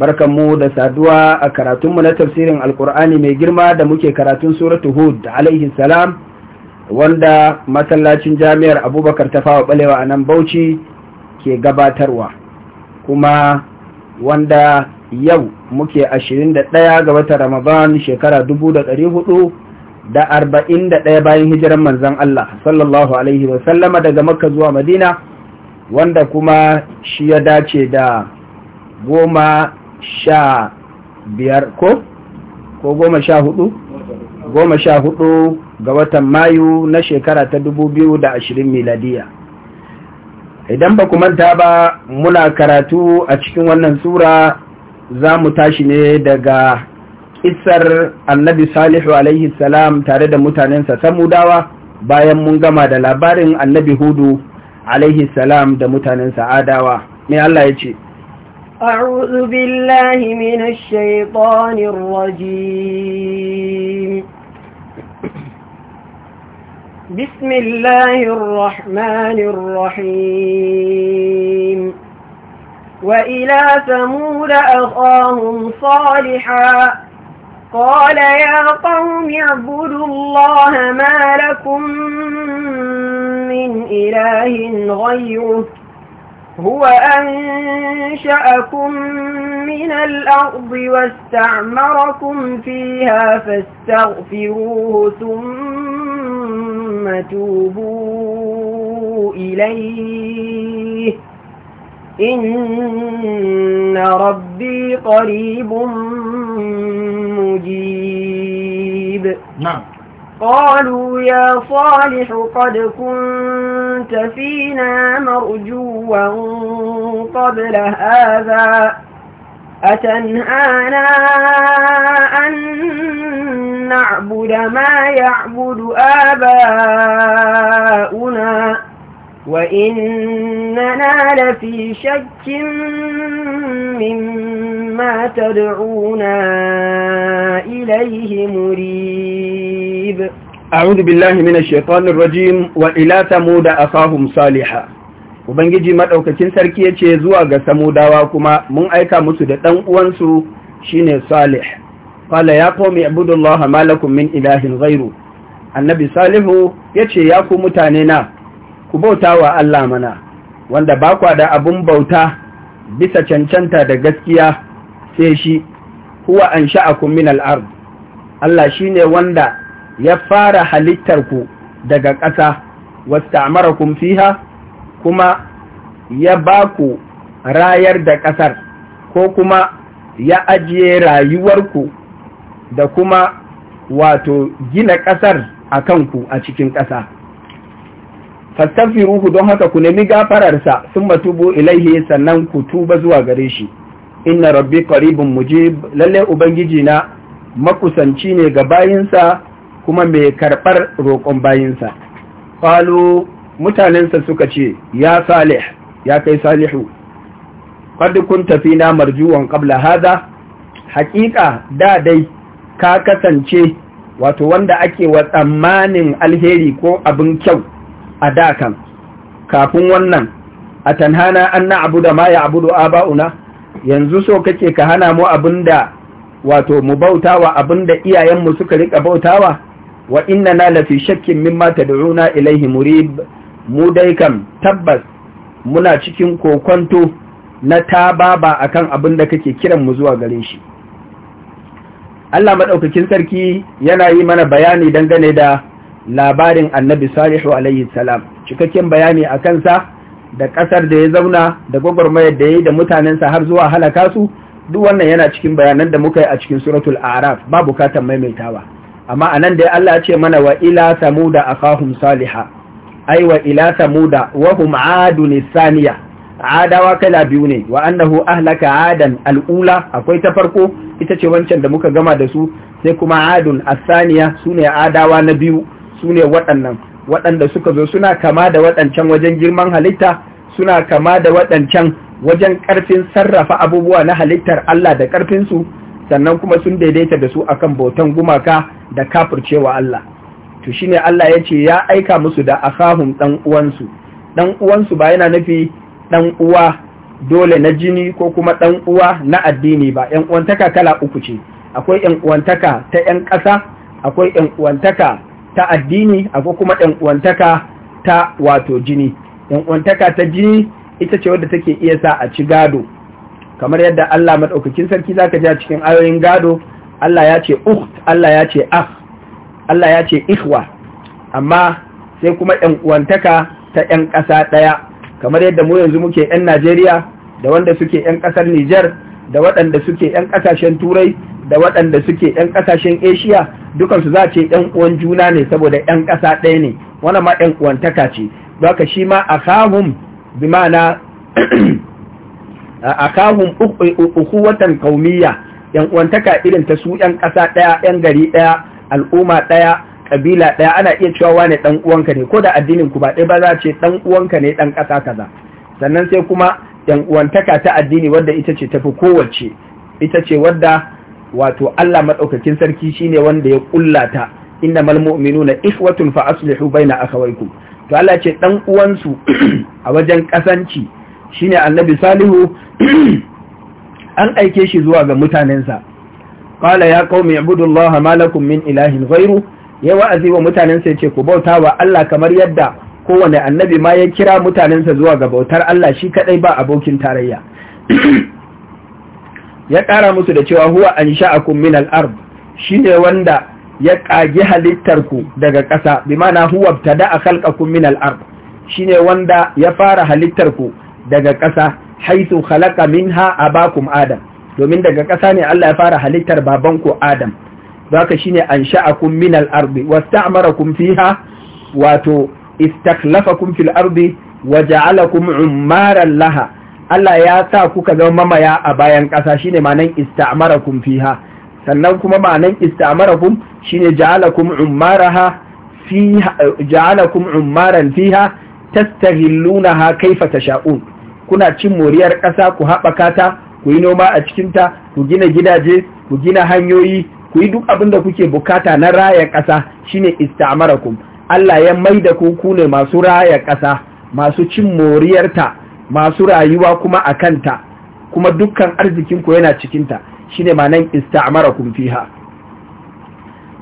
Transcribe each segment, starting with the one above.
barkanmu da saduwa a karatunmu na tafsirin alkur'ani mai girma da muke karatun suratu hud alaihi salam wanda masallacin jami'ar abubakar ta fawa balewa a nan bauchi ke gabatarwa kuma wanda yau muke da ɗaya ga watan ramadan shekara ɗaya bayan hijiran manzan Allah sallallahu alaihi wasallama daga makka zuwa madina wanda kuma shi ya dace da goma sha biyar ko ko goma sha hudu goma sha hudu ga watan mayu na shekara ta dubu biyu da ashirin miladiya idan ba manta ba muna karatu a cikin wannan sura za mu tashi ne daga kisar annabi salihu alaihi salam tare da mutanensa samudawa bayan mun gama da labarin annabi hudu alaihi salam da mutanensa adawa mai allah ya ce أعوذ بالله من الشيطان الرجيم بسم الله الرحمن الرحيم وإلى ثمود أخاهم صالحا قال يا قوم اعبدوا الله ما لكم من إله غيره هو أنشأكم من الأرض واستعمركم فيها فاستغفروه ثم توبوا إليه إن ربي قريب مجيب نعم قالوا يا صالح قد كنت فينا مرجوا قبل هذا أتنهانا أن نعبد ما يعبد آباؤنا وإننا لفي شك مما تدعونا إليه مريب أعوذ بالله من الشيطان الرجيم وإلى ثمود أخاهم صالحا Ubangiji maɗaukacin sarki ya ce zuwa ga samudawa kuma mun aika musu da ɗan uwansu shine Salih. Fala ya komi abudullaha malakun min ilahin ghairu. Annabi Salihu ya ce ya ku mutane na ku bauta wa Allah mana wanda ba kwa da abun bauta bisa cancanta da gaskiya sai shi huwa an sha'akum min al-ard Allah shine wanda ya fara halittar ku daga ƙasa wasta'marakum fiha kuma ya ba ku rayar da ƙasar ko kuma ya ajiye rayuwarku da kuma wato gina ƙasar a kanku a cikin ƙasa fastaghfiruhu don haka ku nemi gafararsa summa tubu ilaihi sannan ku tuba zuwa gare shi inna rabbi qaribun mujib lalle ubangiji na makusanci ne ga bayinsa kuma mai karɓar roƙon bayinsa qalu mutanensa suka ce ya salih ya kai salihu qad kunta fina marjuwan qabla hadha haƙiƙa da dai ka kasance wato wanda ake wa tsammanin alheri ko abin kyau a dakan kafin wannan a tanhana an na abu da ma ya abu da ba'una yanzu so kake ka hana mu abin da wato mu bautawa abin da iyayenmu suka rika bautawa wa inna na lafi shakkin mimma da'una ilaihi murib mu dai kam tabbas muna cikin kokonto na tababa kan abin da kake kiran mu zuwa gare shi Allah Maɗaukakin sarki yana yi mana bayani dangane da labarin annabi salihu alaihi salam cikakken bayani a kansa da ƙasar da ya zauna da gwagwarmayar da ya yi da mutanensa har zuwa halaka su duk wannan yana cikin bayanan da muka yi a cikin suratul araf ba bukatan maimaitawa amma a nan dai Allah ce mana wa ila samuda kahun saliha ai wa ila samuda wa hum adun saniya adawa kala biyu ne wa annahu ahlaka adan al'ula akwai ta farko ita ce wancan da muka gama da su sai kuma adun asaniya sune adawa na biyu su ne waɗannan waɗanda suka zo suna kama da waɗancan wajen girman halitta suna kama da waɗancan wajen ƙarfin sarrafa abubuwa na halittar Allah da ƙarfinsu sannan kuma sun daidaita da su akan bautan gumaka da kafircewa Allah to shine Allah ya ce ya aika musu da akahum dan uwansu dan uwansu ba yana nufi dan uwa dole na jini ko kuma dan uwa na addini ba Ƴan uwantaka kala uku ce akwai ƴan uwantaka ta ƴan ƙasa akwai ƴan uwantaka ta addini akwai kuma ɗan uwantaka ta wato jini ɗan uwantaka ta jini ita ce wadda take iya sa a ci gado kamar yadda Allah madaukakin sarki zaka ji a cikin ayoyin gado Allah ya ce ukht Allah ya ce akh Allah ya ce ikhwa amma sai kuma ɗan uwantaka ta ƴan ƙasa ɗaya kamar yadda mu yanzu muke ƴan Najeriya da wanda suke ƴan ƙasar Nijar da waɗanda suke ƴan ƙasashen Turai da waɗanda suke 'yan ƙasashen Asia dukansu za ce 'yan uwan juna ne saboda 'yan ƙasa ɗaya ne wannan ma 'yan uwantaka ce baka shi ma a kahun bi ma'ana uku watan kaumiya 'yan uwantaka irin ta su 'yan ƙasa ɗaya 'yan gari ɗaya al'umma ɗaya ƙabila ɗaya ana iya cewa wane ɗan uwanka ne ko da addinin ku ba ɗaya ba za ce ɗan uwanka ne ɗan ƙasa kaza sannan sai kuma 'yan uwantaka ta addini wadda ita ce tafi kowace ita ce wadda wato Allah madaukakin sarki shine wanda ya kullata mal mu'minuna ikhwatun fa aslihu baina akhawaykum to Allah ce dan uwansu a wajen kasanci shine annabi salihu an aike shi zuwa ga mutanensa qala ya qaumi ibudullaha ma lakum min ilahin ghayru ya wa'azi wa mutanensa yace ku bauta wa Allah kamar yadda kowane annabi ma ya kira mutanensa zuwa ga bautar Allah shi kadai ba abokin tarayya ya ƙara musu da cewa huwa an sha'akum min al shi shine wanda ya ƙagi halittarku daga ƙasa bi mana huwa a khalqakum min al shi shine wanda ya fara halittarku daga ƙasa haitu khalaqa minha abakum adam domin daga ƙasa ne Allah ya fara halittar babanku adam zaka shine an sha'akum min al kun wasta'marakum ha wato istakhlafakum fil ardi wa ja'alakum ummaran laha Allah ya sa kuka zama mamaya a bayan ƙasa shine ma'anan ista'marakum fiha sannan kuma ma'anan kun, shine ja'alakum ummaraha fiha ja'alakum ummaran fiha ha kaifa tasha'un kuna cin moriyar ƙasa ku haɓaka ta ku yi noma a cikinta? ku gina gidaje ku gina hanyoyi ku yi duk abin da kuke bukata na raya ƙasa shine kun, Allah ya da ku ku ne masu raya ƙasa masu cin moriyarta masu rayuwa kuma a kanta kuma dukkan arzikinku yana cikinta shine ma'anan ista'marakum fiha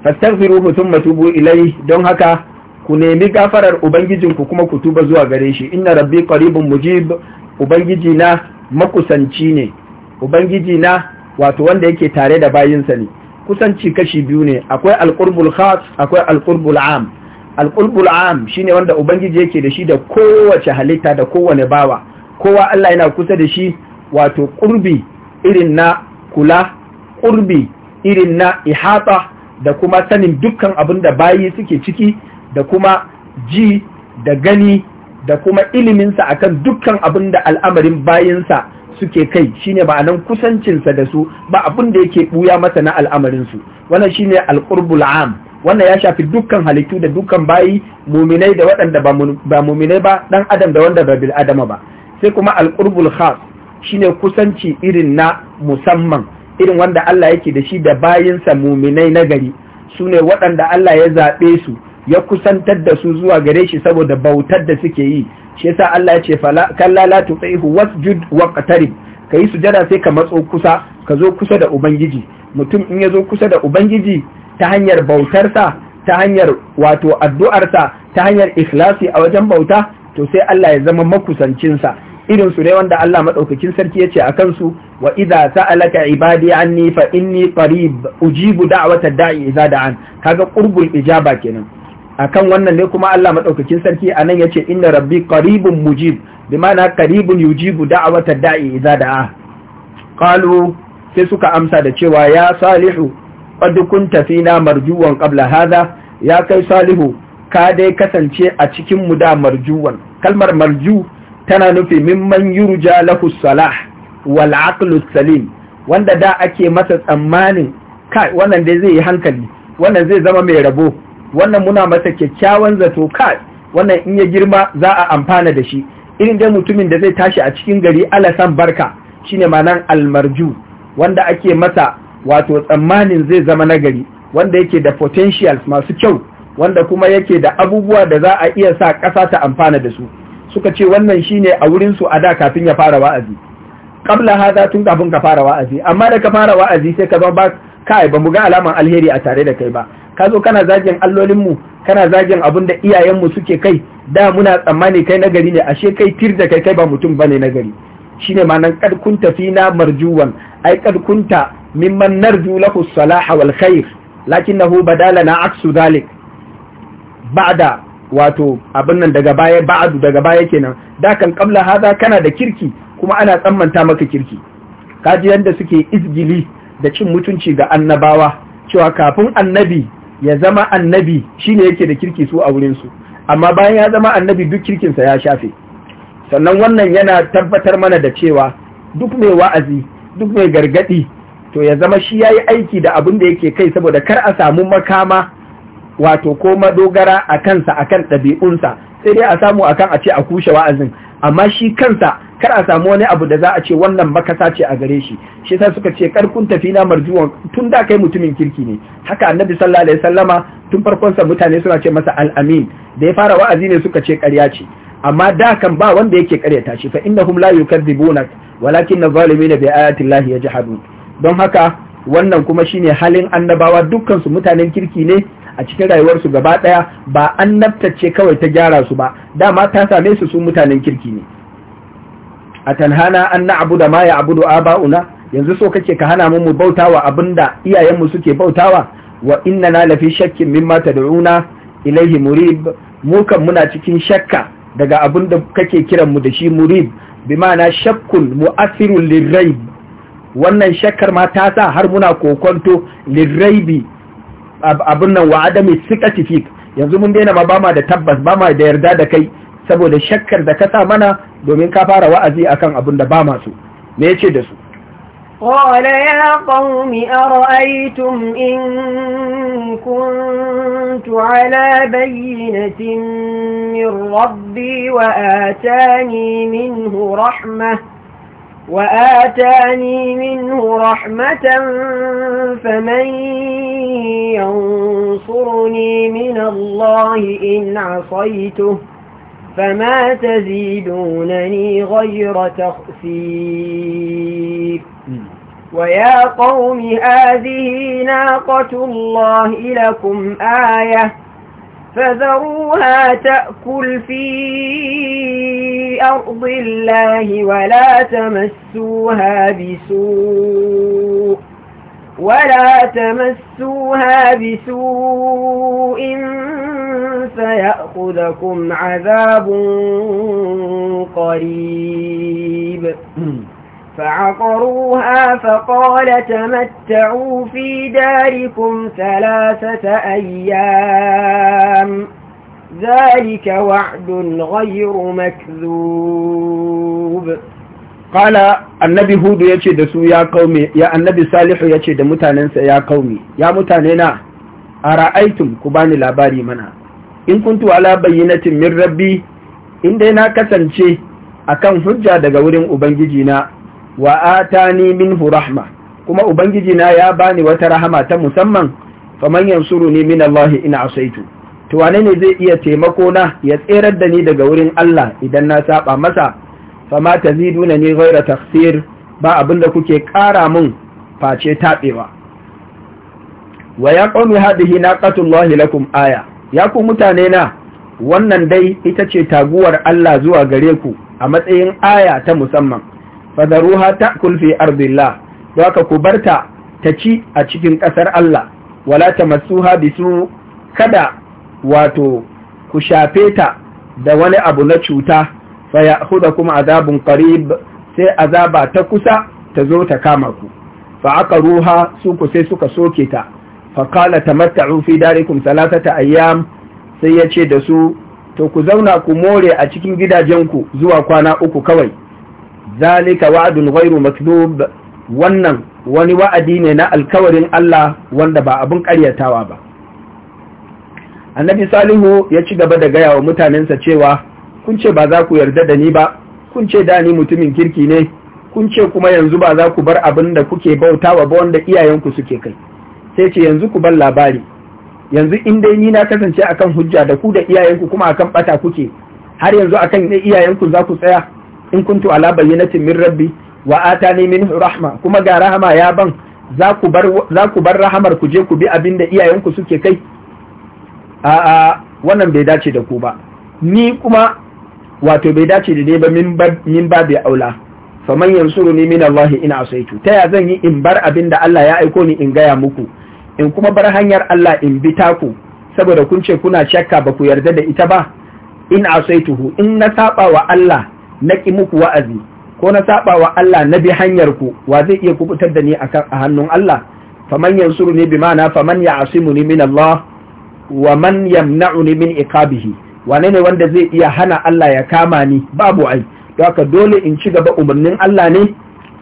fastaghfiruhu thumma tubu ilai don haka ku nemi gafarar ubangijinku kuma ku tuba zuwa gare shi inna rabbi qaribun mujib ubangiji na makusanci ne ubangiji na wato wanda yake tare da bayinsa ne kusanci kashi biyu ne akwai alqurbul khas akwai alqurbul am alqurbul am shine wanda ubangiji yake da shi da kowace halitta da kowane bawa kowa Allah yana kusa da shi wato ƙurbi irin na kula ƙurbi irin na ihata da kuma sanin dukkan abin da bayi suke ciki da kuma ji da gani da kuma iliminsa akan dukkan abin da al'amarin bayinsa suke kai shine nan kusancinsa da su ba abin da yake buya masa na al'amarinsu wannan shine alqurbul am wannan ya shafi dukkan halittu da dukkan bayi muminai da waɗanda ba muminai ba ɗan adam da wanda ba bil adama ba sai kuma alƙurbul khas shine kusanci irin na musamman irin wanda Allah yake da shi da bayinsa muminai na gari su ne waɗanda Allah ya zaɓe su ya kusantar da su zuwa gare shi saboda bautar da suke yi shi yasa Allah ya ce fala kalla la tuqihu wasjud waqtarib kai sujada sai ka matso kusa ka zo kusa da ubangiji mutum in ya zo kusa da ubangiji ta hanyar bautar sa, ta hanyar wato addu'arsa ta hanyar ikhlasi a wajen bauta to sai Allah ya zama makusancinsa irin su ne wanda Allah madaukakin sarki yace a kansu wa idza sa'alaka ibadi anni fa inni qarib ujibu da'wata da'i idza da'an kaga qurbul ijaba kenan akan wannan ne kuma Allah madaukakin sarki anan yace inna rabbi qaribun mujib bimana qaribun yujibu da'wata da'i idza da'a qalu sai suka amsa da cewa ya salihu qad kunta fina marjuwan qabla hadha ya kai salihu ka dai kasance a cikin mu da marjuwan kalmar marju tana nufi mimman yurja lahu salah wal aqlu salim wanda da ake masa tsammanin kai wannan dai zai yi hankali wannan zai zama mai rabo wannan muna masa kyakkyawan zato kai wannan in ya girma za a amfana da shi irin dai mutumin da zai tashi a cikin gari alasan barka shine manan almarju wanda ake masa wato tsammanin zai zama nagari wanda yake da potentials masu kyau wanda kuma yake da abubuwa da za a iya sa ƙasa ta amfana da su suka ce wannan shine a wurin su a da kafin ya fara wa'azi qabla hada tun kafin ka fara wa'azi amma da ka fara wa'azi sai ka zama ba kai ba mu ga alaman alheri a tare da kai ba ka zo kana zagin allolin mu kana zagin abin da iyayenmu suke kai da muna tsammani kai nagari ne ashe kai tir da kai kai ba mutum bane nagari shine ma'anan kad kunta na marjuwan ai kad kunta mimman narju lahu salaha wal khair lakinnahu na aksu ba'da wato abin nan daga baya ba'adu daga baya kenan da kan qabla hada kana da kirki kuma ana tsammanta maka kirki kaji yanda suke izgili da cin mutunci ga annabawa cewa kafin annabi ya zama annabi shine yake da kirki su a wurin su amma bayan ya zama annabi duk kirkin sa ya shafe sannan wannan yana tabbatar mana da cewa duk mai wa'azi duk mai gargadi to ya zama shi yayi aiki da abin da yake kai saboda kar a samu makama wato ko madogara a kansa akan ɗabi'unsa sai dai a samu a kan a ce a kushe wa'azin amma shi kansa kar a samu wani abu da za a ce wannan makasa ce a gare shi shi yasa suka ce karkun tafi na marjuwan tun da kai mutumin kirki ne haka annabi sallallahu alaihi wasallama tun farkonsa mutane suna ce masa al'amin, da ya fara wa'azi ne suka ce ƙarya ce amma da kan ba wanda yake ƙaryata shi fa innahum la yukadzibuna walakin adh-dhalimina bi ayati llahi yajhadun don haka wannan kuma shine halin annabawa dukkan su mutanen kirki ne a cikin rayuwarsu gaba ɗaya ba annabtacce kawai ta gyara su ba dama ta same su su mutanen kirki ne a tanhana an na abu da ma ya abu aba'una yanzu so kake ka hana mu bautawa abinda iyayenmu suke bautawa wa inna na lafi shakkin mimma tad'una ilaihi murib mu muna cikin shakka daga abin da kake kiran mu da shi murib bi ma'ana shakkun mu'asirun lirraib wannan shakkar ma ta sa har muna kokonto lirraibi abin nan wa adami sikati fik yanzu mun daina ma bama da tabbas bama da yarda da kai saboda shakkar da ka sa mana domin ka fara wa'azi akan abin da ba masu me yace da su قال يا قوم أرأيتم إن كنت على بينة rabbi ربي وآتاني منه رحمة وآتاني منه رحمة فمن ينصرني من الله إن عصيته فما تزيدونني غير تخسير ويا قوم هذه ناقة الله لكم آية فذروها تأكل في أرض الله ولا تمسوها بسوء ولا تمسوها بسوء فيأخذكم عذاب قريب فعقروها فقال تمتعوا في داركم ثلاثة أيام ذلك وعد غير مكذوب قال النبي هود يجي دسو يا قومي يا النبي صالح يجي da mutanensa ya qaumi ya mutanena ku bani labari mana in kuntu ala bayyinatin min rabbi in dai na kasance a kan hujja daga wurin ubangiji na wa atani minhu rahma kuma ubangiji na ya bani wata rahama ta musamman faman yansuruni min Allah in asaitu to wane ne zai iya taimako na ya tserar da ni daga wurin Allah idan na saba masa fama taziduna ni ghaira tafsir ba abinda kuke kara mun face tabewa wa ya qaumi hadhihi naqatullahi lakum aya ya ku mutane na wannan dai ita ce taguwar Allah zuwa gare ku a matsayin aya ta musamman fadaruha ta'kul fi ardillah haka ku barta ta ci a cikin ƙasar Allah wala tamassuha bisu kada wato ku shafe ta da wani abu na cuta fa kuma azabun qarib sai azaba ta kusa ta zo ta kama ku fa ruha su ku sai suka soke ta fa qala tamatta'u fi darikum thalathata ayyam sai yace da su to ku zauna ku more a cikin gidajen ku zuwa kwana uku kawai zalika wa'adun ghairu maktub wannan wani wa'adi ne na alkawarin Allah wanda ba abin karyatawa ba annabi salihu ya ci gaba da gaya wa mutanensa cewa kun ce ba za ku yarda da ni ba kun ce da ni mutumin kirki ne kun ce kuma yanzu ba za ku bar abin da kuke bautawa ba wanda iyayenku suke kai sai ce yanzu ku bar labari yanzu in dai ni na kasance akan hujja da ku da iyayenku kuma akan bata kuke har yanzu akan iyayenku za ku tsaya in kuntu ala bayyinatin min rabbi wa atani min rahma kuma ga rahama ya ban za ku bar za ku bar rahamar ku je ku bi abin da iyayenku suke kai a a wannan bai dace da ku ba ni kuma wato bai dace da dai ba min ba bi aula Fa faman yansuruni min Allah in asaitu ta ya zan yi in bar abin da Allah ya aiko ni in gaya muku in kuma bar hanyar Allah in bi taku saboda kun ce kuna shakka ba ku yarda da ita ba in asaituhu in na saba wa Allah na ki muku wa'azi ko na saba wa Allah na bi hanyar ku wa zai iya kubutar da ni a hannun Allah faman yansuruni bimana faman ni min Allah wa man ni min iqabihi wane ne wanda zai iya hana Allah ya kama ni babu ai haka dole in ci gaba umarnin Allah ne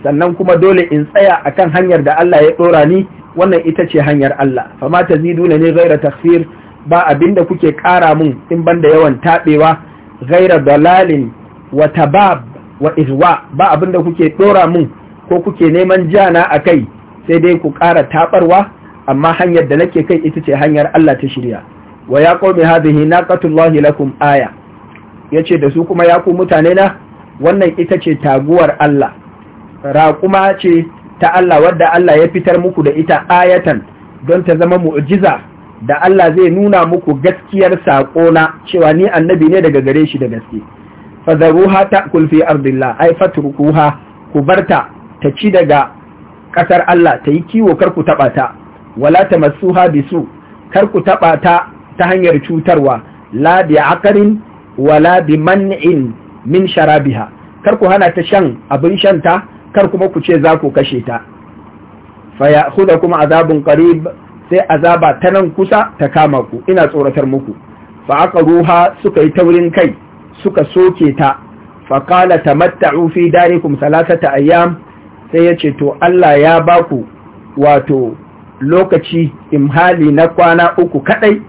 sannan kuma dole in tsaya akan hanyar da Allah ya dora ni wannan ita ce hanyar Allah fama taziduna ne gaira taksir ba abinda kuke kara mun in banda yawan tabewa gaira dalalin wa tabab wa izwa ba abin da kuke dora mun ko kuke neman jana a kai sai dai ku ƙara taɓarwa amma hanyar da nake kai ita ce hanyar Allah ta shirya wa ya qaumi hadhihi naqatullahi lakum aya yace da su kuma ya ku mutane na wannan ita ce taguwar Allah raƙuma ce ta Allah wadda Allah ya fitar muku da ita ayatan don ta zama mu'jiza da Allah zai nuna muku gaskiyar saƙona cewa ni annabi ne daga gare shi da gaske fadaruha ta kulfi ardillah ai fatrukuha ku barta ta ci daga kasar Allah ta yi kiwo kar ku taba ta wala tamassuha bisu kar ku taba ta ta hanyar cutarwa la bi aqrin wala bi man'in min sharabiha kar ku hana ta shan abin shan ta kar kuma ku ce za ku kashe ta fa ya'khudhukum azabun qarib sai azaba ta nan kusa ta kama ku ina tsoratar muku fa aqruha suka yi taurin kai suka soke ta faƙala ta matta'u fi darikum salasata ayyam sai ya ce to Allah ya baku wato lokaci imhali na kwana uku kaɗai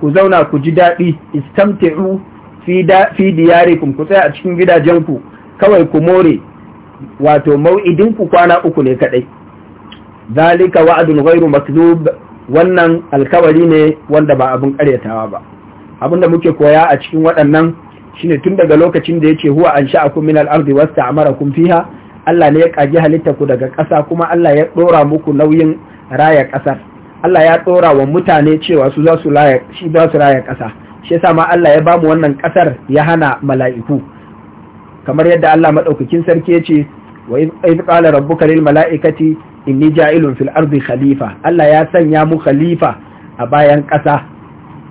ku zauna ku ji daɗi istamti'u fi kuma ku tsaya a cikin gidajenku kawai ku more wato mau'idinku kwana uku ne kaɗai zalika wa'adun ghairu Maklub. wannan alkawari ne wanda ba abin karyatawa ba abinda muke koya a cikin waɗannan shine tun daga lokacin da ya yace huwa ansha'akum min al-ardi wasta'marakum fiha Allah ne ya kaji halitta ku daga ƙasa kuma Allah ya dora muku nauyin raya ƙasar Allah ya dora wa mutane cewa su za su raya shi za su raya ƙasa shi yasa ma Allah ya bamu wannan ƙasar ya hana mala'iku kamar yadda Allah madaukakin sarki yace wa in qala rabbuka lil mala'ikati inni ja'ilun fil ardi khalifa Allah ya sanya mu khalifa a bayan ƙasa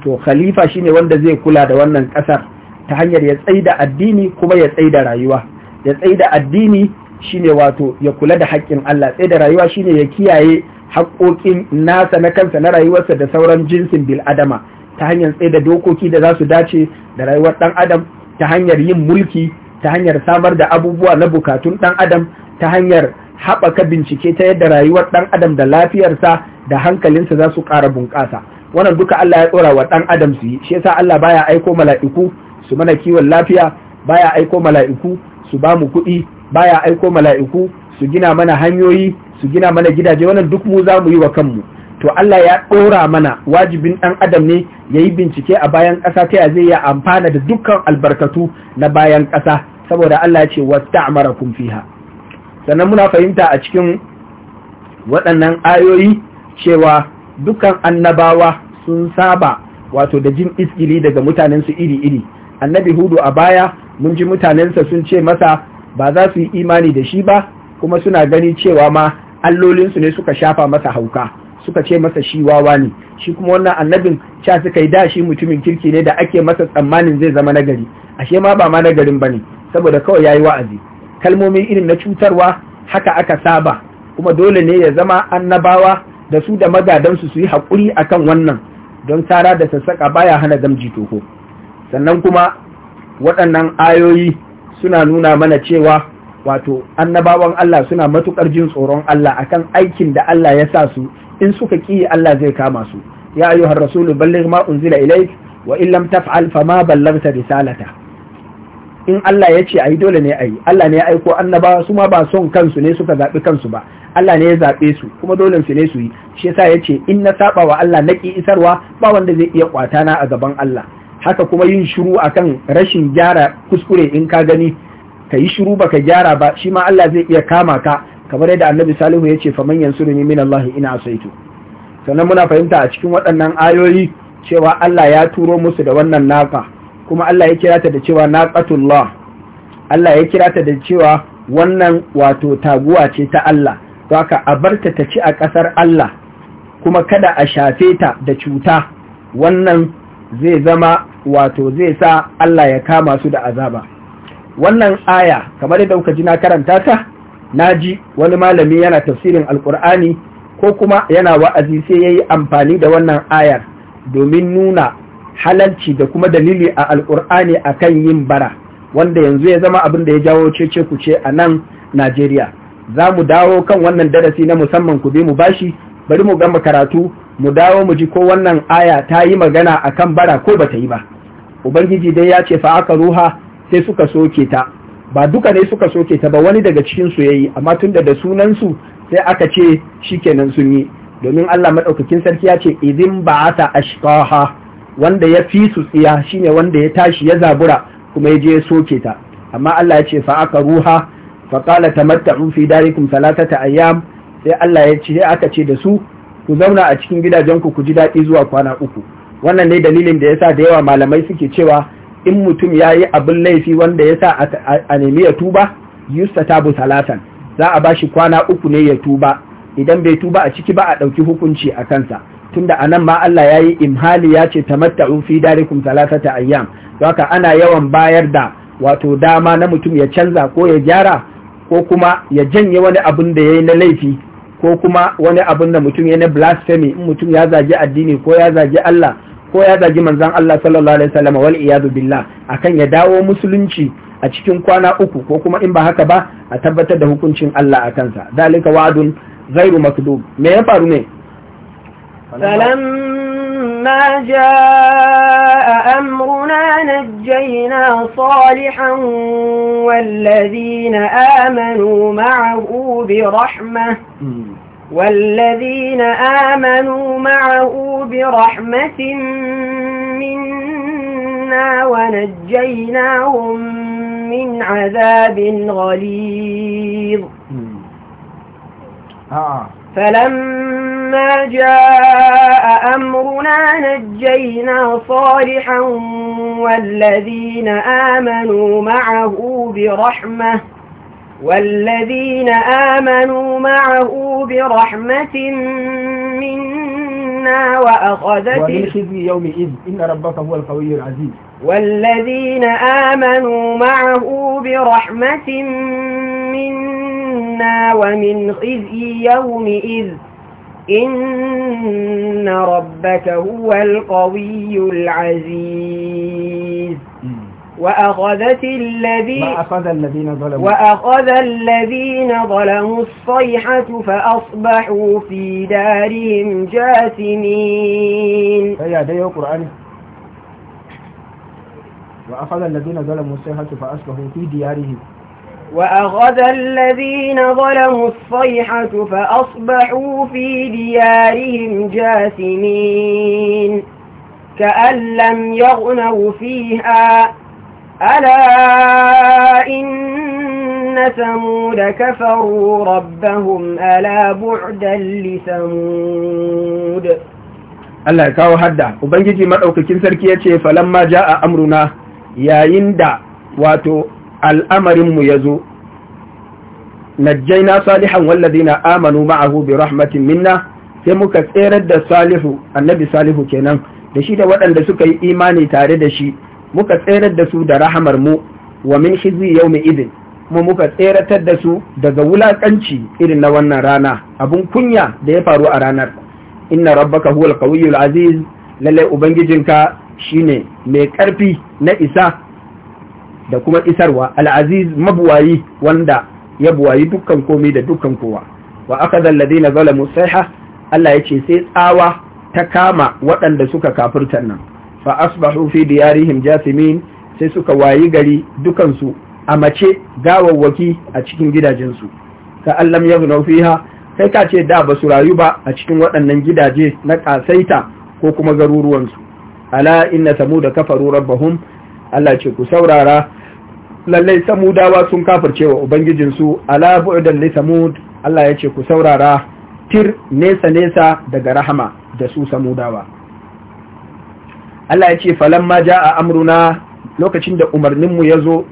to khalifa shine wanda zai kula da wannan ƙasar ta hanyar ya da addini kuma ya da rayuwa ya da addini shine wato ya kula da haƙƙin Allah da rayuwa shine ya kiyaye haƙoƙin nasa na kansa na rayuwarsa da sauran jinsin bil'adama. ta hanyar da dokoki da za su dace da rayuwar ɗan adam ta hanyar yin mulki ta hanyar samar da abubuwa na bukatun ɗan adam ta hanyar haɓaka bincike ta yadda rayuwar ɗan adam da lafiyarsa da hankalinsa za su ƙara bunƙasa wannan duka Allah ya tsora wa ɗan adam su yi shi yasa Allah baya aiko mala'iku su mana kiwon lafiya baya aiko mala'iku su ba mu kuɗi baya aiko mala'iku su gina mana hanyoyi su gina mana gidaje wannan duk mu za mu yi wa kanmu to Allah ya ɗora mana wajibin ɗan adam ne ya yi bincike a bayan ƙasa ta zai ya amfana da dukkan albarkatu na bayan ƙasa saboda Allah ya ce wasta'mara kun fiha sannan muna fahimta a cikin waɗannan ayoyi cewa dukkan annabawa sun saba wato da jin iskili daga mutanensu iri-iri annabi hudu a baya mun ji mutanensa sun ce masa ba za su yi imani da shi ba kuma suna gani cewa ma allolinsu ne suka shafa masa hauka suka ce masa shi wawa ne shi kuma wannan annabin cha suka yi da shi mutumin kirki ne da ake masa tsammanin zai zama nagari ashe ma ba ma nagarin ba ne saboda kawai ya yi wa'azi kalmomi irin na cutarwa haka aka saba kuma dole ne ya zama annabawa da su da magadansu su yi haƙuri akan wannan don tara da sassaƙa baya hana gamji toho. sannan kuma waɗannan ayoyi suna nuna mana cewa wato annabawan Allah suna matuƙar jin tsoron Allah akan aikin da Allah ya sa su in suka ki Allah zai kama su ya har rasulu balligh ma unzila ilayk wa in lam taf'al ma ballaghta risalata in Allah ya ce ayi dole ne ayi Allah ne ya aiko annabawa su ma ba son kansu ne suka zaɓi kansu ba Allah ne ya zaɓe su kuma dole su ne su yi shi yasa ya ce in na saba wa Allah na isarwa ba wanda zai iya kwatana a gaban Allah haka kuma yin shiru akan rashin gyara kuskure in ka gani ka yi shiru baka gyara ba shi ma Allah zai iya kama ka kamar yadda annabi salihu ya ce faman ne min Allah ina asaitu sannan muna fahimta a cikin waɗannan ayoyi cewa Allah ya turo musu da wannan naka kuma Allah ya kira ta da cewa naqatullah Allah ya kira ta da cewa wannan wato taguwa ce ta Allah to haka a barta ta ci a ƙasar Allah kuma kada a shafe ta da cuta wannan zai zama wato zai sa Allah ya kama su da azaba wannan aya kamar yadda kuka ji na karanta ta na ji wani malami yana tafsirin alkur'ani ko kuma yana wa'azi sai ya yi amfani da wannan ayar domin nuna halalci da kuma dalili a alkur'ani a kan yin bara wanda yanzu ya zama abin da ya jawo cece ce a nan najeriya za mu dawo kan wannan darasi na musamman ku bi mu bashi bari mu gama karatu mu dawo mu ji ko wannan aya ta yi magana a kan bara ko ba ta yi ba ubangiji dai ya ce fa aka ruha sai suka soke ta ba duka ne suka soke ta ba wani daga cikinsu ya yi, amma tunda da sunansu sai aka ce shi kenan sun yi domin Allah madaukakin sarki ya ce idin ba'ata ashqaha wanda ya fi su tsiya shine wanda ya tashi ya zabura kuma ya je ya soke ta amma Allah ya ce fa aka ruha fa qala tamatta'u fi darikum salatata ayyam sai Allah ya ce aka ce da su ku zauna a cikin gidajenku ku ji daɗi zuwa kwana uku wannan ne dalilin da yasa da yawa malamai suke cewa in mutum ya yi abin laifi wanda ya sa a nemi ya tuba yusta tabu salatan za a bashi kwana uku ne ya tuba idan bai tuba a ciki ba a ɗauki hukunci a kansa tunda a nan ma Allah ya yi imhali ya ce tamatta'u fi darikum ta ayyam haka ana yawan bayar da wato dama na mutum ya canza ko ya gyara ko kuma ya janye wani abin da ya yi na laifi ko kuma wani abin da mutum ya na blasphemy in mutum ya zagi addini ko ya zagi Allah ko ya zagi manzan Allah sallallahu alaihi wasallam wal iyadu billah akan ya dawo musulunci a cikin kwana uku ko kuma in ba haka ba a tabbatar da hukuncin Allah a kansa dalika wa'adun ghairu makdub me ya faru ne فلما جاء أمرنا نجينا صالحا والذين آمنوا معه برحمة والذين آمنوا معه برحمة منا ونجيناهم من عذاب غليظ فلما فلما جاء أمرنا نجينا صالحا والذين آمنوا معه برحمة والذين آمنوا معه برحمة منا وأخذت ومن خزي يومئذ إن ربك هو القوي العزيز والذين آمنوا معه برحمة منا ومن خزي يومئذ إن ربك هو القوي العزيز وأخذت الذي وأخذ الذين ظلموا وأخذ الذين ظلموا الصيحة فأصبحوا في دارهم جاثمين هيا طيب، ديو قرآن وأخذ الذين ظلموا الصيحة فأصبحوا في ديارهم وأخذ الذين ظلموا الصيحة فأصبحوا في ديارهم جاثمين كأن لم يغنوا فيها ألا إن ثمود كفروا ربهم ألا بعدا لثمود الله كاو هدا وبنجي مرأوك كنسر كيتشي فلما جاء أمرنا يا amruna واتو al'amarinmu ya zo najjaina salihan na amanu ma'ahu bi rahmatin minna sai muka tserar da salihu annabi salihu kenan da shi da waɗanda suka yi imani tare da shi muka tserar da su da rahamar mu wa min yau mai izin. kuma muka tseratar da su daga wulaƙanci irin na wannan rana abun kunya da ya faru a ranar inna rabbaka huwal qawiyyul aziz lalle ubangijinka shine mai ƙarfi na isa da kuma isarwa al'aziz mabuwayi wanda ya buwayi dukkan komai da dukkan kowa wa aka akadha alladhina zalamu saiha Allah yace sai tsawa ta kama waɗanda suka kafirtan nan fa asbahu fi diyarihim jasimin sai suka wayi gari dukansu a mace gawawwaki a cikin gidajensu ka allam yaghna fiha kai ka ce da ba su rayu ba a cikin waɗannan gidaje na ƙasaita ko kuma garuruwansu ala inna samuda kafaru rabbahum Allah ce ku saurara lallai samudawa sun wa ubangijinsu ala bu'dan li samud Allah ya ce ku saurara tir nesa nesa daga rahama da su samudawa Allah ya ce falamma jaa amruna lokacin da umarninmu ya zo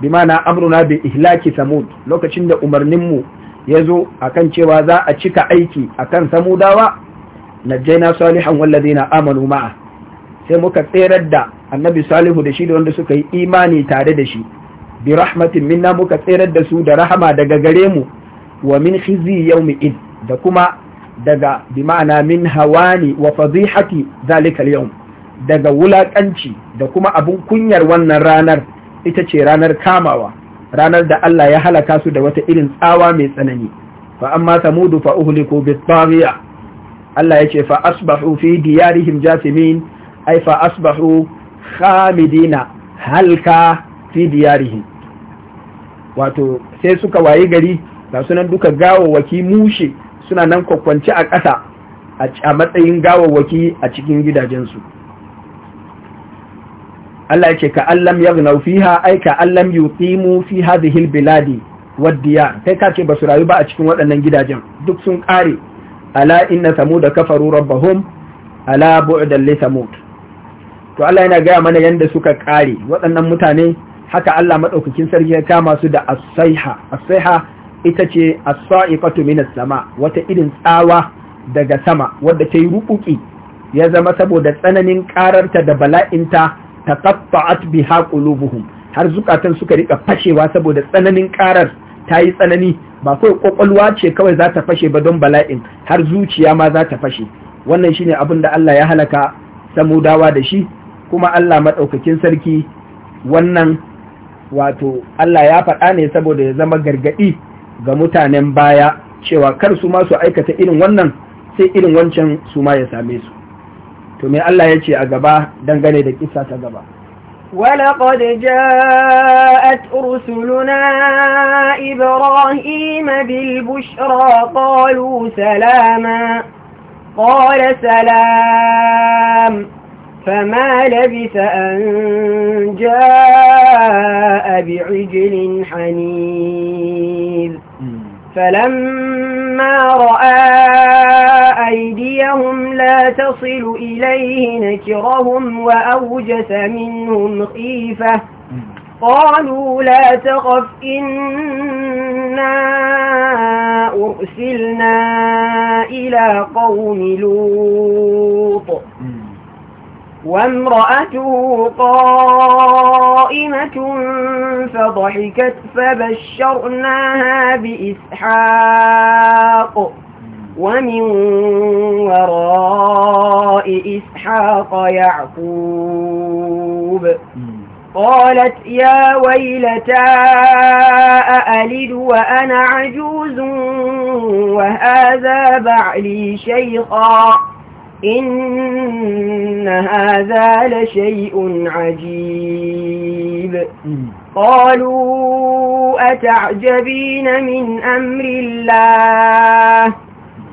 bi mana amruna bi ihlaki samud lokacin da umarninmu ya zo akan cewa za a cika aiki akan samudawa najjaina salihan wallazina amanu ma'a sai muka tserar da annabi salihu da shi da wanda suka yi imani tare da shi bi rahmatin minna muka tsirar da su da rahama daga gare mu wa min khizi yawmi id da kuma daga bi ma'ana min hawani wa fadihati zalika al-yawm daga wulakanci da kuma abun kunyar wannan ranar ita ce ranar kamawa ranar da Allah ya halaka su da wata irin tsawa mai tsanani fa amma samudu fa uhliku bi taghiya Allah ce fa asbahu fi diyarihim jasimin ay fa asbahu khamidina halka fi diyarihi wato sai suka wayi gari ga sunan duka gawawwaki mushe suna nan kwakwance a ƙasa a matsayin gawawwaki a cikin gidajensu Allah yake ka allam yaghnau fiha ai ka allam yuqimu fi hadhihi albiladi waddiya kai ka ce basu rayu ba a cikin waɗannan gidajen duk sun ƙare ala inna samuda kafaru rabbahum ala bu'dan li samud to Allah yana gaya mana yanda suka ƙare waɗannan mutane haka Allah maɗaukakin sarki ya kama su da asaiha. Asaiha ita ce as-sa'iqatu min sama wata irin tsawa daga sama wadda ta yi rubuki ya zama saboda tsananin kararta da bala'inta ta taqatta'at biha qulubuhum har zukatan suka rika fashewa saboda tsananin karar ta yi tsanani ba kawai kwakwalwa ce kawai za ta fashe ba don bala'in har zuciya ma za ta fashe wannan shine abin da Allah ya halaka samudawa da shi kuma Allah maɗaukakin sarki wannan wato Allah ya faɗa ne saboda ya zama gargaɗi ga mutanen baya cewa kar su ma su aikata irin wannan sai irin wancan su ma ya same su to me Allah ya ce a gaba dangane da kisa ta gaba ولقد جاءت رسلنا إبراهيم بالبشرى قالوا سلاما قال سلام فما لبث أن جاء بعجل حنيذ فلما رأى أيديهم لا تصل إليه نكرهم وأوجس منهم خيفة قالوا لا تخف إنا أرسلنا إلى قوم لوط وامرأته قائمة فضحكت فبشرناها بإسحاق ومن وراء إسحاق يعقوب قالت يا ويلتى أألد وأنا عجوز وهذا بعلي شيخا إن هذا لشيء عجيب قالوا أتعجبين من أمر الله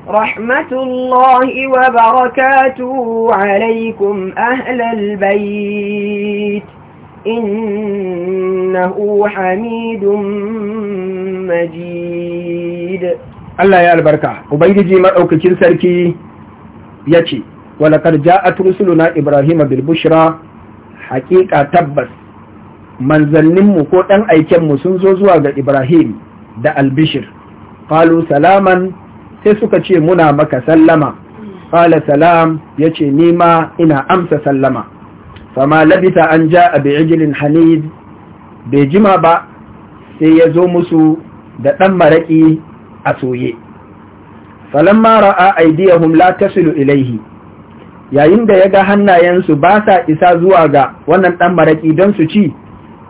رحمة الله وبركاته عليكم أهل البيت إنه حميد مجيد الله يا البركة وبيجي مرأوك كل سركي Ya yace walakar ja'at rusuluna Ibrahim bil bushra haƙiƙa tabbas manzanninmu ko ɗan aikenmu sun zo zuwa ga ibrahim da albishir qalu salaman sai suka ce muna maka sallama qala salam yace ni ma ina amsa sallama fama labita an ja bai ijlin hanid bai jima ba sai ya zo musu da ɗan maraƙi a soye falamma ra'a aydiyahum la tasilu ilayhi yayin da ya ga hannayensu ba sa isa zuwa ga wannan dan maraƙi don su ci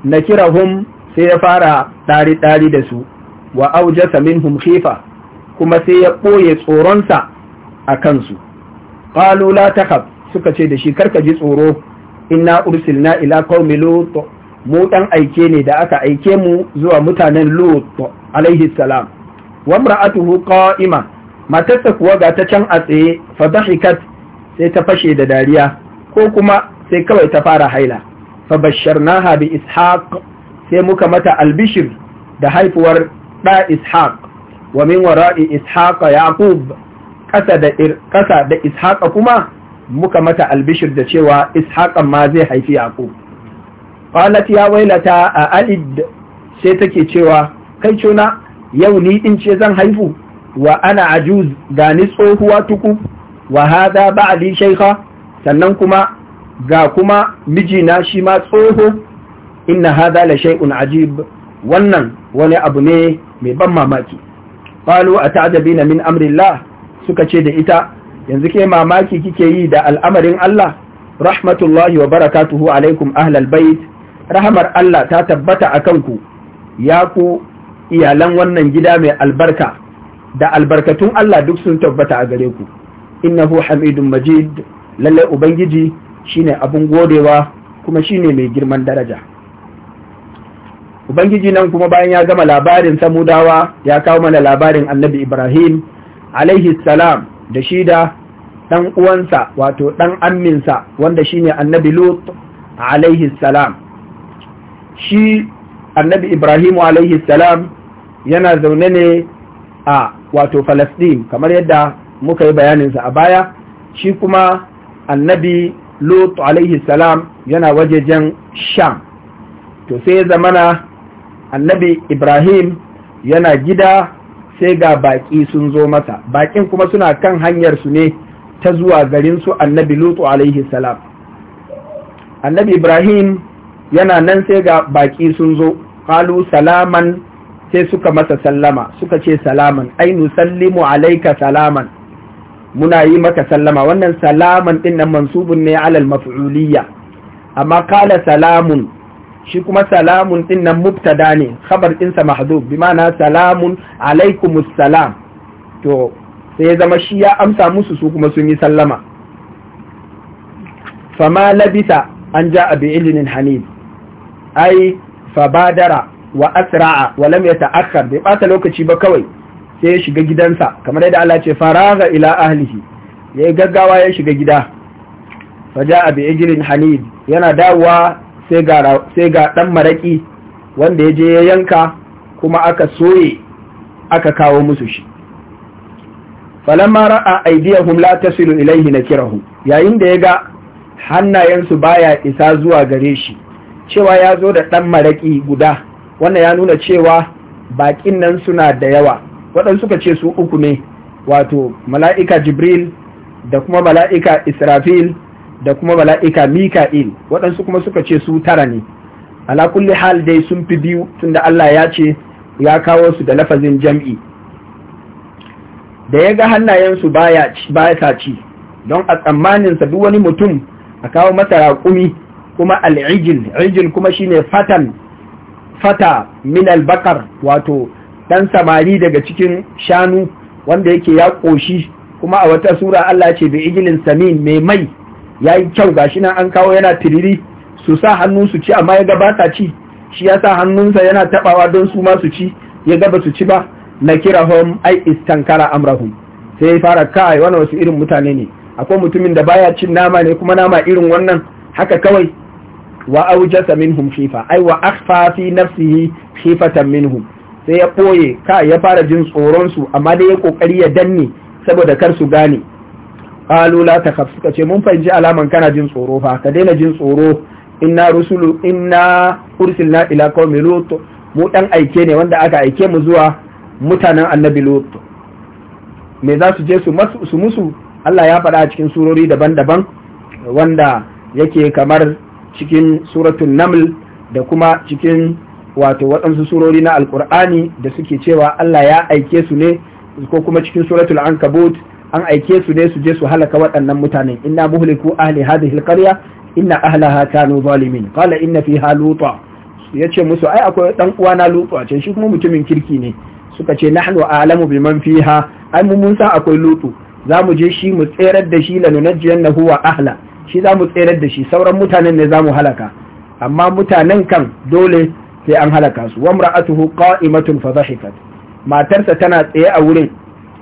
na kira hum sai ya fara ɗari ɗari da su wa aujasa minhum khifa kuma sai ya ɓoye tsoronsa a kansu qalu la takhaf suka ce da shi karka ji tsoro inna ursilna ila qaumi lut mu dan aike ne da aka aike mu zuwa mutanen lut alaihi salam wa imra'atuhu qa'ima matarsa kuwa ga ta can a tsaye fadahikat sai ta fashe da dariya ko kuma sai kawai ta fara haila fa na bi ishaq sai muka mata albishir da haifuwar da ishaq wa min wara'i ishaq yaqub kasa da kasa da ishaq kuma muka mata albishir da cewa ishaq ma zai haifi yaqub qalat ya wailata a alid sai take cewa kai cuna yau ni din ce zan haifu wa ana ajuz ga ni tsohuwa tuku wa hadha ba'di shaykha sannan kuma ga kuma mijina shi ma tsoho inna hadha la shay'un ajib wannan wani abu ne mai ban mamaki qalu ata'jabina min amrillah suka ce da ita yanzu ke mamaki kike yi da al'amarin Allah rahmatullahi wa barakatuhu alaikum ahlal bait rahmar Allah ta tabbata akan ku ya ku iyalan wannan gida mai albarka da albarkatun Allah duk sun tabbata a gare ku innahu hamidun majid lallai ubangiji shine abun godewa kuma shine mai girman daraja ubangiji nan kuma bayan ya gama labarin samudawa ya kawo mana labarin annabi ibrahim alaihi salam da shi da dan uwansa wato dan amminsa wanda shine annabi lut alaihi salam shi annabi ibrahim alaihi salam yana zaune ne a wato Falasɗin kamar yadda muka yi bayaninsa a baya shi kuma annabi lot alaihi salam yana wajejen Sham to sai zamana annabi Ibrahim yana gida sai ga baƙi sun zo masa baƙin kuma suna kan hanyarsu ne ta zuwa garinsu annabi Lut alaihi salam annabi Ibrahim yana nan sai ga baƙi sun zo kalu salaman sai suka masa sallama suka ce salaman ainu nusallimu alaika salaman muna yi maka sallama wannan salaman din nan mansubun ne alal maf'uliyya amma kala salamun shi kuma salamun din nan mubtada ne khabar din sa mahdhuf bi ma'ana salamun alaikumus salam to sai ya zama shi ya amsa musu su kuma sun yi sallama fama labisa an ja'a bi ilmin hanif ai fabadara wa asra'a wa lam yata'akhkhar bai bata lokaci ba kawai sai ya shiga gidansa kamar yadda Allah ce faraga ila ahlihi yayi gaggawa ya shiga gida faja'a bi ijlin hanid yana dawowa sai ga sai ga dan maraki wanda ya je ya yanka kuma aka soye aka kawo musu shi falamma ra'a aydiyahum la tasilu ilayhi nakirahu yayin da ya ga hannayensu baya isa zuwa gare shi cewa ya zo da ɗan maraki guda wannan ya nuna cewa baƙin nan suna da yawa waɗansu suka ce su uku ne wato mala'ika jibril da kuma mala'ika israfil da kuma mala'ika mika'il waɗansu kuma suka ce su tara ne ala kulli hal dai sun fi biyu tunda Allah ya ce ya kawo su da lafazin jam'i da ya ga hannayensu baya sa ci don a tsammaninsa duk wani mutum a kawo masa raƙumi kuma al'ijil ijil kuma shine fatan fata min albakar wato ɗan samari daga cikin shanu wanda yake ya ƙoshi kuma a wata sura Allah ce bi ijilin samin mai mai ya yi kyau gashi nan an kawo yana tiriri su sa hannu su ci amma ya ga ba ci shi ya sa hannunsa yana taɓawa don su ma su ci ya ga ba su ci ba na kira hom ai istankara amrahum sai ya fara kai wannan wasu irin mutane ne akwai mutumin da baya cin nama ne kuma nama irin wannan haka kawai wa aujasa minhum khifa ai wa akhfa fi nafsihi khifatan minhum sai ya ɓoye ka ya fara jin tsoron su amma dai ya kokari ya danne saboda kar su gane qalu la takhaf suka ce mun fahimci alaman kana jin tsoro fa ka daina jin tsoro inna rusulu inna ursilna ila qaumi lut mu dan aike ne wanda aka aike mu zuwa mutanen annabi lut me za su je su musu Allah ya faɗa a cikin surori daban-daban wanda yake kamar cikin suratun naml da kuma cikin wato waɗansu surori na Alƙur'ani da suke cewa Allah ya aike su ne ko kuma cikin suratul ankabut an aike su ne su je su halaka waɗannan mutanen inna muhliku ahli hadhihi alqarya inna ahlaha kanu zalimin qala inna fiha luta yace musu ai akwai dan uwa na lutu can shi kuma mutumin kirki ne suka ce nahnu a'lamu biman fiha ai mun san akwai lutu za mu je shi mu tserar da shi lanunajjiyannahu wa ahla shi za mu tserar da shi sauran mutanen ne za mu halaka amma mutanen kan dole sai an halaka su wa imra'atuhu qa'imatun fa dhahikat matarsa tana tsaye a wurin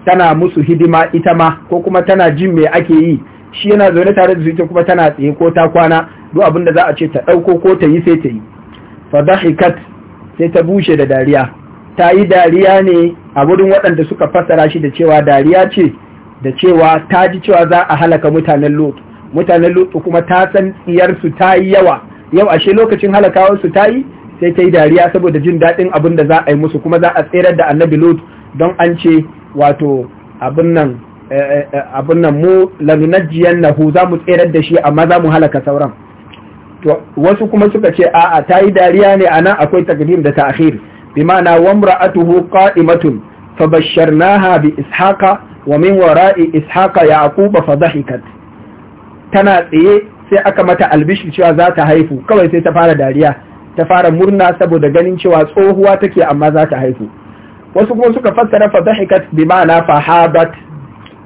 tana musu hidima ita ma ko kuma tana jin me ake yi shi yana zaune tare da su ita kuma tana tsaye ko ta kwana duk abin da za a ce ta ɗauko ko ta yi sai ta yi fa sai ta bushe da dariya ta yi dariya ne a wurin waɗanda suka fassara shi da cewa dariya ce da cewa ta ji cewa za a halaka mutanen lot mutanen lutu kuma ta san tsiyarsu ta yi yawa yau ashe lokacin halakawarsu ta yi sai ta yi dariya saboda jin daɗin abin da za a yi musu kuma za a tserar da annabi lut don an ce wato abin nan eh, eh, eh, abin nan mu nahu za mu tserar da shi amma za mu halaka sauran to wasu kuma suka ce a'a ta yi dariya ne a nan akwai takdim da ta'khir bi ma'ana wa imra'atuhu qa'imatun fabashsharnaha bi ishaqa wa min wara'i ishaqa yaquba fadhahikat tana tsaye sai aka mata albishir cewa za ta haifu kawai sai ta fara dariya ta fara murna saboda ganin cewa tsohuwa take amma za ta haifu wasu kuma suka fassara fa dhahikat bi ma'ana habat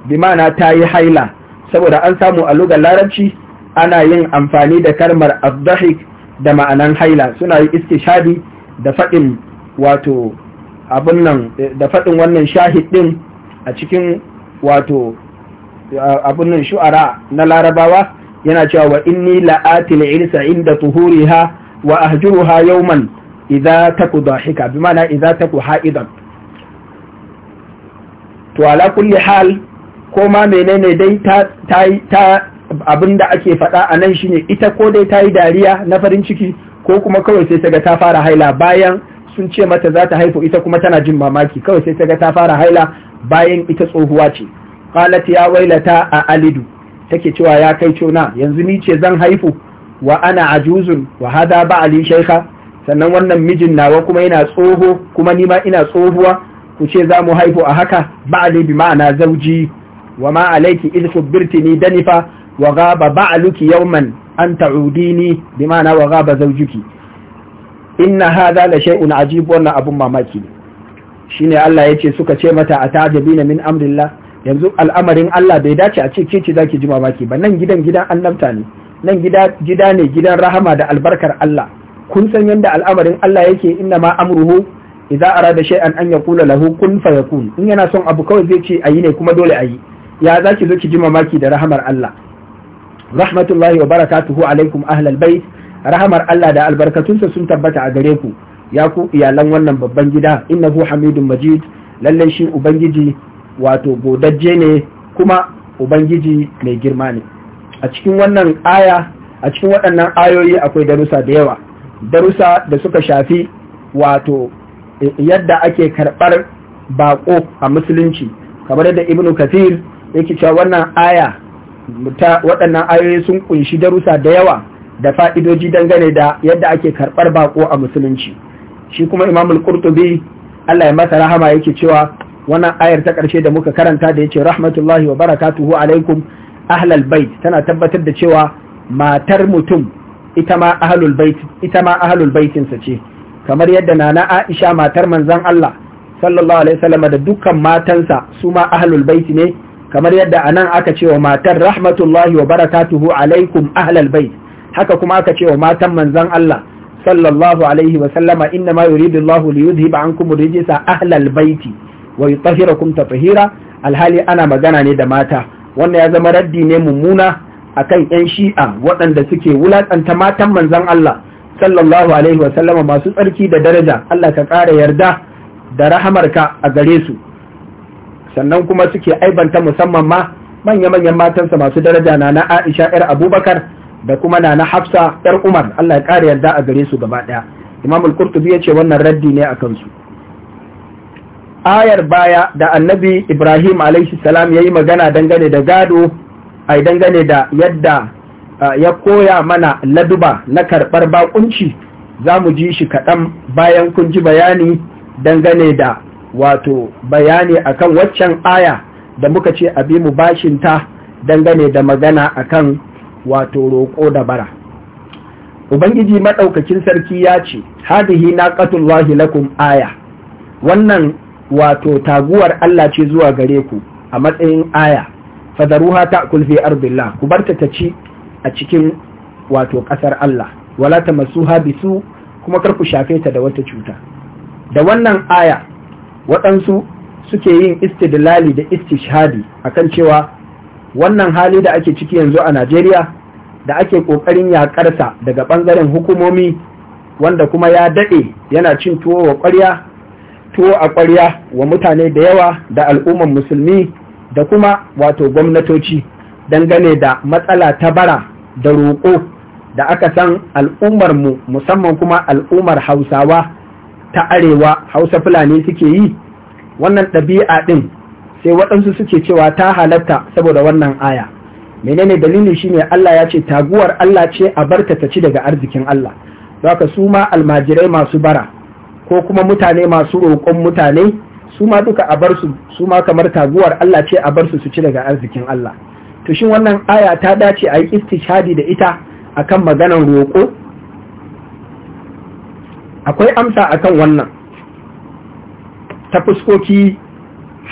bi ma'ana yi haila saboda an samu a lugar larabci ana yin amfani da kalmar adhahik da ma'anan haila suna yi istishadi da faɗin wato abun nan da fadin wannan shahid din a cikin wato abun shu'ara na larabawa yana cewa wa inni la'atil ilsa inda tuhuriha wa ahjuruha yawman idza taku dahika bi ma'ana idza taku ha'idan to ala kulli hal ko ma menene dai ta ta abinda ake faɗa a nan shine ita ko dai ta yi dariya na farin ciki ko kuma kawai sai ta ga ta fara haila bayan sun ce mata za ta haifu ita kuma tana jin mamaki kawai sai ta ga ta fara haila bayan ita tsohuwa ce qalat ya wailata a alidu take cewa ya kai cona yanzu ni ce zan haifu wa ana ajuzun wa hada ba sannan wannan mijin nawa kuma yana tsoho kuma ni ma ina tsohuwa ku ce za mu haifu a haka ba ali bi ma'ana zauji wa ma alayki id ni danifa wa ghaba ba'luki yawman an ta'udini bi ma'ana wa ghaba zawjuki inna hadha la shay'un ajib wannan abun mamaki ne shine Allah ce suka ce mata a atajabina min amrillah yanzu al'amarin Allah bai dace a ce ke ce zaki ji mamaki ba nan gidan gidan annabta ne nan gida gida ne gidan rahama da albarkar Allah kun san yadda al'amarin Allah yake inna ma amruhu idza arada shay'an an yaqula lahu kun fayakun in yana son abu kawai zai ce ayi ne kuma dole ayi ya zaki zo ki ji mamaki da rahamar Allah rahmatullahi wa barakatuhu alaikum ahlal bait rahamar Allah da albarkatunsa sun tabbata a gare ku ya ku iyalan wannan babban gida innahu hamidun majid lallai shi ubangiji wato godajje ne kuma ubangiji mai girma ne a cikin wannan aya a cikin waɗannan ayoyi akwai darusa da yawa Darusa da suka shafi wato e, yadda ake karɓar baƙo a musulunci kamar yadda ibnu kathir yake cewa wannan aya waɗannan ayoyi sun kunshi darusa da yawa da fa'idoji dangane da yadda ake karɓar baƙo a musulunci shi kuma imamul qurtubi Allah ya masa rahama yake cewa wannan ayar ta ƙarshe da muka karanta da yace rahmatullahi wa barakatuhu alaikum ahlal bait tana tabbatar da cewa matar mutum ita ma ahlul bait ita ma ahlul baitin sa ce kamar yadda nana Aisha matar manzon Allah sallallahu alaihi wasallam da dukkan matansa su ma ahlul bait ne kamar yadda anan aka ce wa matar rahmatullahi wa barakatuhu alaikum ahlal bait haka kuma aka ce wa matan manzon Allah sallallahu alaihi wasallama inna ma yuridu Allahu li yudhhiba ankum rijsa ahlal baiti Wai wa yutahhirakum tatahira alhali ana magana ne da mata wannan ya zama raddi ne mummuna akan yan shi'a waɗanda suke wulaƙanta matan manzon Allah sallallahu alaihi wa sallama masu tsarki da daraja Allah ka ƙara yarda da rahamarka a gare su sannan kuma suke aibanta musamman ma manya-manyan matansa masu daraja na na Aisha ‘yar Abubakar da kuma na na Hafsa ‘yar Umar Allah ya ƙara yarda a gare su gaba ɗaya. Imam al ya ce wannan raddi ne a kansu. ayar baya da annabi ibrahim alaihi salam ya yi magana dangane da gado ai dangane da yadda ya koya mana laduba na karɓar bakunci za mu ji shi kaɗan bayan kun ji bayani dangane da wato bayani akan waccan aya da muka ce abi mu bashin ta dangane da magana akan wato roƙo da bara ubangiji maɗaukakin sarki ya ce hadihi na lakum aya wannan wato taguwar Allah ce zuwa gare ku a matsayin aya fadaruha ta kulfi ardillah ku barta ta ci a cikin wato ƙasar Allah wala masu bisu kuma karku shafe ta da wata cuta da wannan aya waɗansu suke yin istidlali da a kan cewa wannan hali da ake ciki yanzu a Najeriya da ake ƙoƙarin yaƙarsa daga ɓangaren hukumomi wanda kuma ya daɗe yana cin tuwo wa ƙwarya tuwo a ƙwarya wa mutane da yawa da al'ummar musulmi da kuma wato gwamnatoci dangane da matsala ta bara da roƙo da aka san al'ummarmu musamman kuma al'ummar hausawa ta arewa hausa fulani suke yi wannan ɗabi'a ɗin sai waɗansu suke cewa ta halatta saboda wannan aya menene dalili shine Allah ya ce taguwar Allah ce a barta ta ci daga arzikin Allah zaka su ma almajirai masu bara ko kuma mutane masu roƙon mutane su ma duka a bar su su ma kamar taguwar Allah ce a bar su su ci daga arzikin Allah to shin wannan aya ta dace a yi istishadi da ita akan maganar roƙo akwai amsa akan wannan ta fuskoki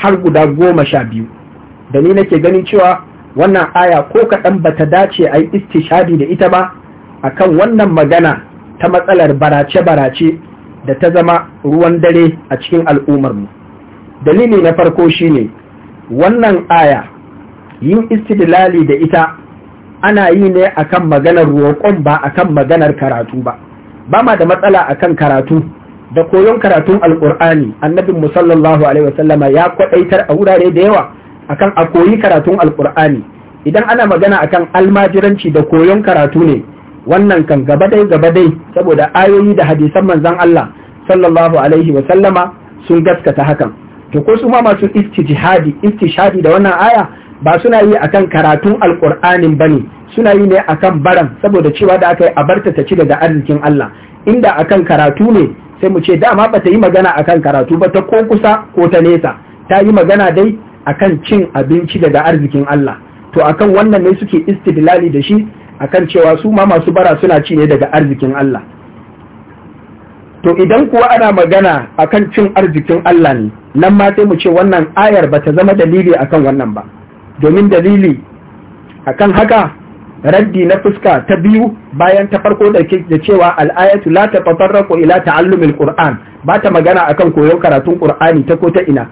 har guda goma sha biyu da ni nake ganin cewa wannan aya ko kaɗan ba ta dace a yi istishadi da ita ba akan wannan magana ta matsalar barace-barace da ta zama ruwan dare a cikin al'umarmu. dalili na farko shine wannan aya yin istidlali da ita ana yi ne akan maganar roƙon ba akan maganar karatu ba ba ma da matsala akan karatu da koyon karatun Alkur'ani, annabin musallallahu alaihi wasallama ya kwaɗaitar a wurare da yawa akan a koyi karatun Alkur'ani, idan ana magana akan almajiranci da koyon karatu ne wannan kan gaba dai gaba dai saboda ayoyi da hadisan manzan Allah sallallahu alaihi wa sallama sun gaskata hakan to ko su ma masu istijhadi istishadi da wannan aya ba suna yi akan karatun Alƙur'ani bane suna yi ne akan baran saboda cewa da aka yi a barta ta ci daga arzikin Allah inda akan karatu ne sai mu ce dama ba ta yi magana akan karatu ba ta ko kusa ko ta nesa ta yi magana dai akan cin abinci daga arzikin Allah to akan wannan ne suke istidlali da shi akan cewa su ma masu bara suna ci ne daga arzikin Allah to idan kuwa ana magana akan cin arzikin Allah ne nan ma sai mu ce wannan ayar bata zama dalili akan wannan ba domin dalili akan haka raddi na fuska ta biyu bayan ta farko da cewa al'ayatu la tatafarraqu ila ta'allumil qur'an ba ta magana akan koyon karatun qur'ani ta ko ta ina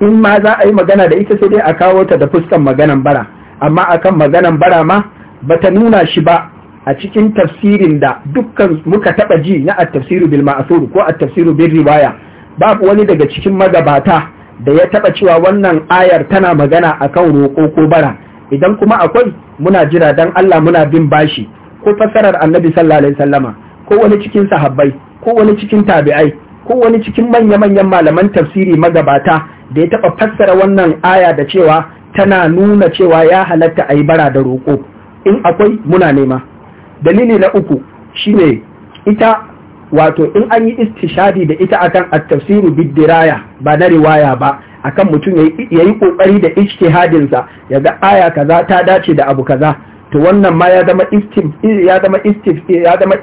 in ma za a yi magana da ita sai dai a kawo ta da fuskan maganan bara amma akan maganan bara ma bata nuna shi ba a cikin tafsirin da dukkan muka taɓa ji na at-tafsiru bil ma'thur ko at-tafsiru bil riwaya babu wani daga cikin magabata da ya taɓa cewa wannan ayar tana magana akan roƙo ko bara idan kuma akwai muna jira dan Allah muna bin bashi ko fassarar Annabi sallallahu alaihi ko wani cikin sahabbai ko wani cikin tabi'ai ko wani cikin manya-manyan malaman tafsiri magabata da ya taɓa fassara wannan aya da cewa tana nuna cewa ya halatta a yi bara da roƙo in akwai muna nema dalili na uku shine ita wato in an yi istishadi da ita akan at-tafsiru bid ba na riwaya ba akan mutum ya yi ƙoƙari da hadinsa ya ga aya kaza ta dace da abu kaza to wannan ma ya zama istim ya zama istif ya zama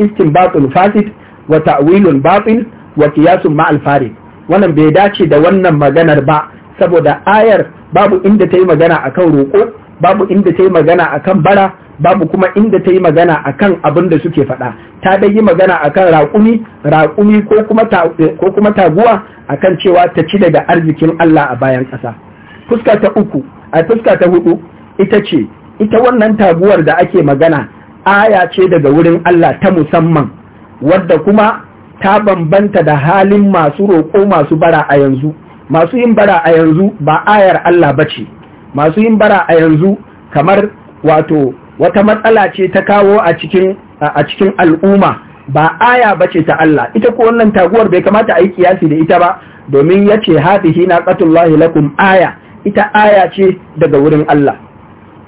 wa ta'wilun batil wa qiyasun ma'al farid wannan bai dace da wannan maganar ba saboda ayar babu inda ta yi magana akan roƙo babu inda ta yi magana akan bara babu kuma inda ta yi magana kan abin da suke faɗa ta dai yi magana akan raƙumi raƙumi ko kuma taguwa a kan cewa ta ci daga arzikin Allah a bayan ƙasa fuska ta uku a fuska ta hudu ita ce ita wannan taguwar da ake magana aya ce daga wurin Allah ta musamman wadda kuma ta bambanta da halin masu roƙo masu bara a yanzu masu yin bara a yanzu ba ayar Allah ba ce masu yin bara a yanzu kamar wato wata matsala ce ta kawo a cikin al'umma ba aya ba ce ta Allah ita ko wannan taguwar bai kamata a yi kiyasi da ita ba domin ya ce na hadihi naqatullahi lakum aya ita aya ce daga wurin Allah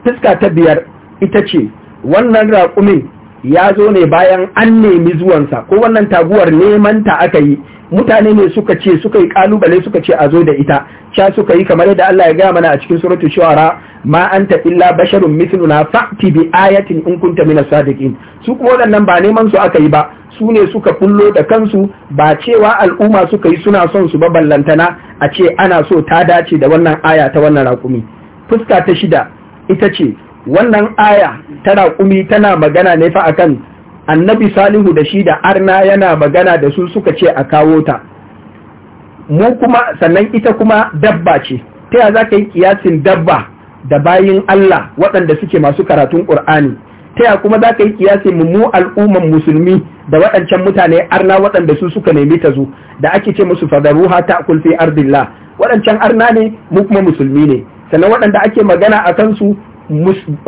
fuska ta biyar ita ce wannan raƙumin ya zo ne bayan an nemi zuwansa ko wannan taguwar neman ta aka yi mutane ne suka ce suka yi kalubale suka ce a zo da ita sha suka yi kamar yadda Allah ya gaya mana a cikin suratul shu'ara ma anta illa basharun mithluna fa'ti bi ayatin in kunta minas sadiqin su kuma waɗannan ba neman su aka yi ba su ne suka kullo da kansu ba cewa al'umma suka yi suna son su ba ballantana a ce ana so ta dace da wannan aya ta wannan raƙumi fuska ta shida ita ce wannan aya ta raƙumi tana magana ne fa akan annabi salihu da shi da arna yana magana da su suka ce a kawo ta mu kuma sannan ita kuma dabba ce ta ya za ka yi kiyasin dabba da bayin Allah waɗanda suke masu karatun ƙur'ani ta ya kuma za ka yi kiyasin mu al'umman musulmi da waɗancan mutane arna waɗanda su suka nemi ta zo da ake ce musu ha ta kulfi ardillah waɗancan arna ne mu kuma musulmi ne sannan waɗanda ake magana a kansu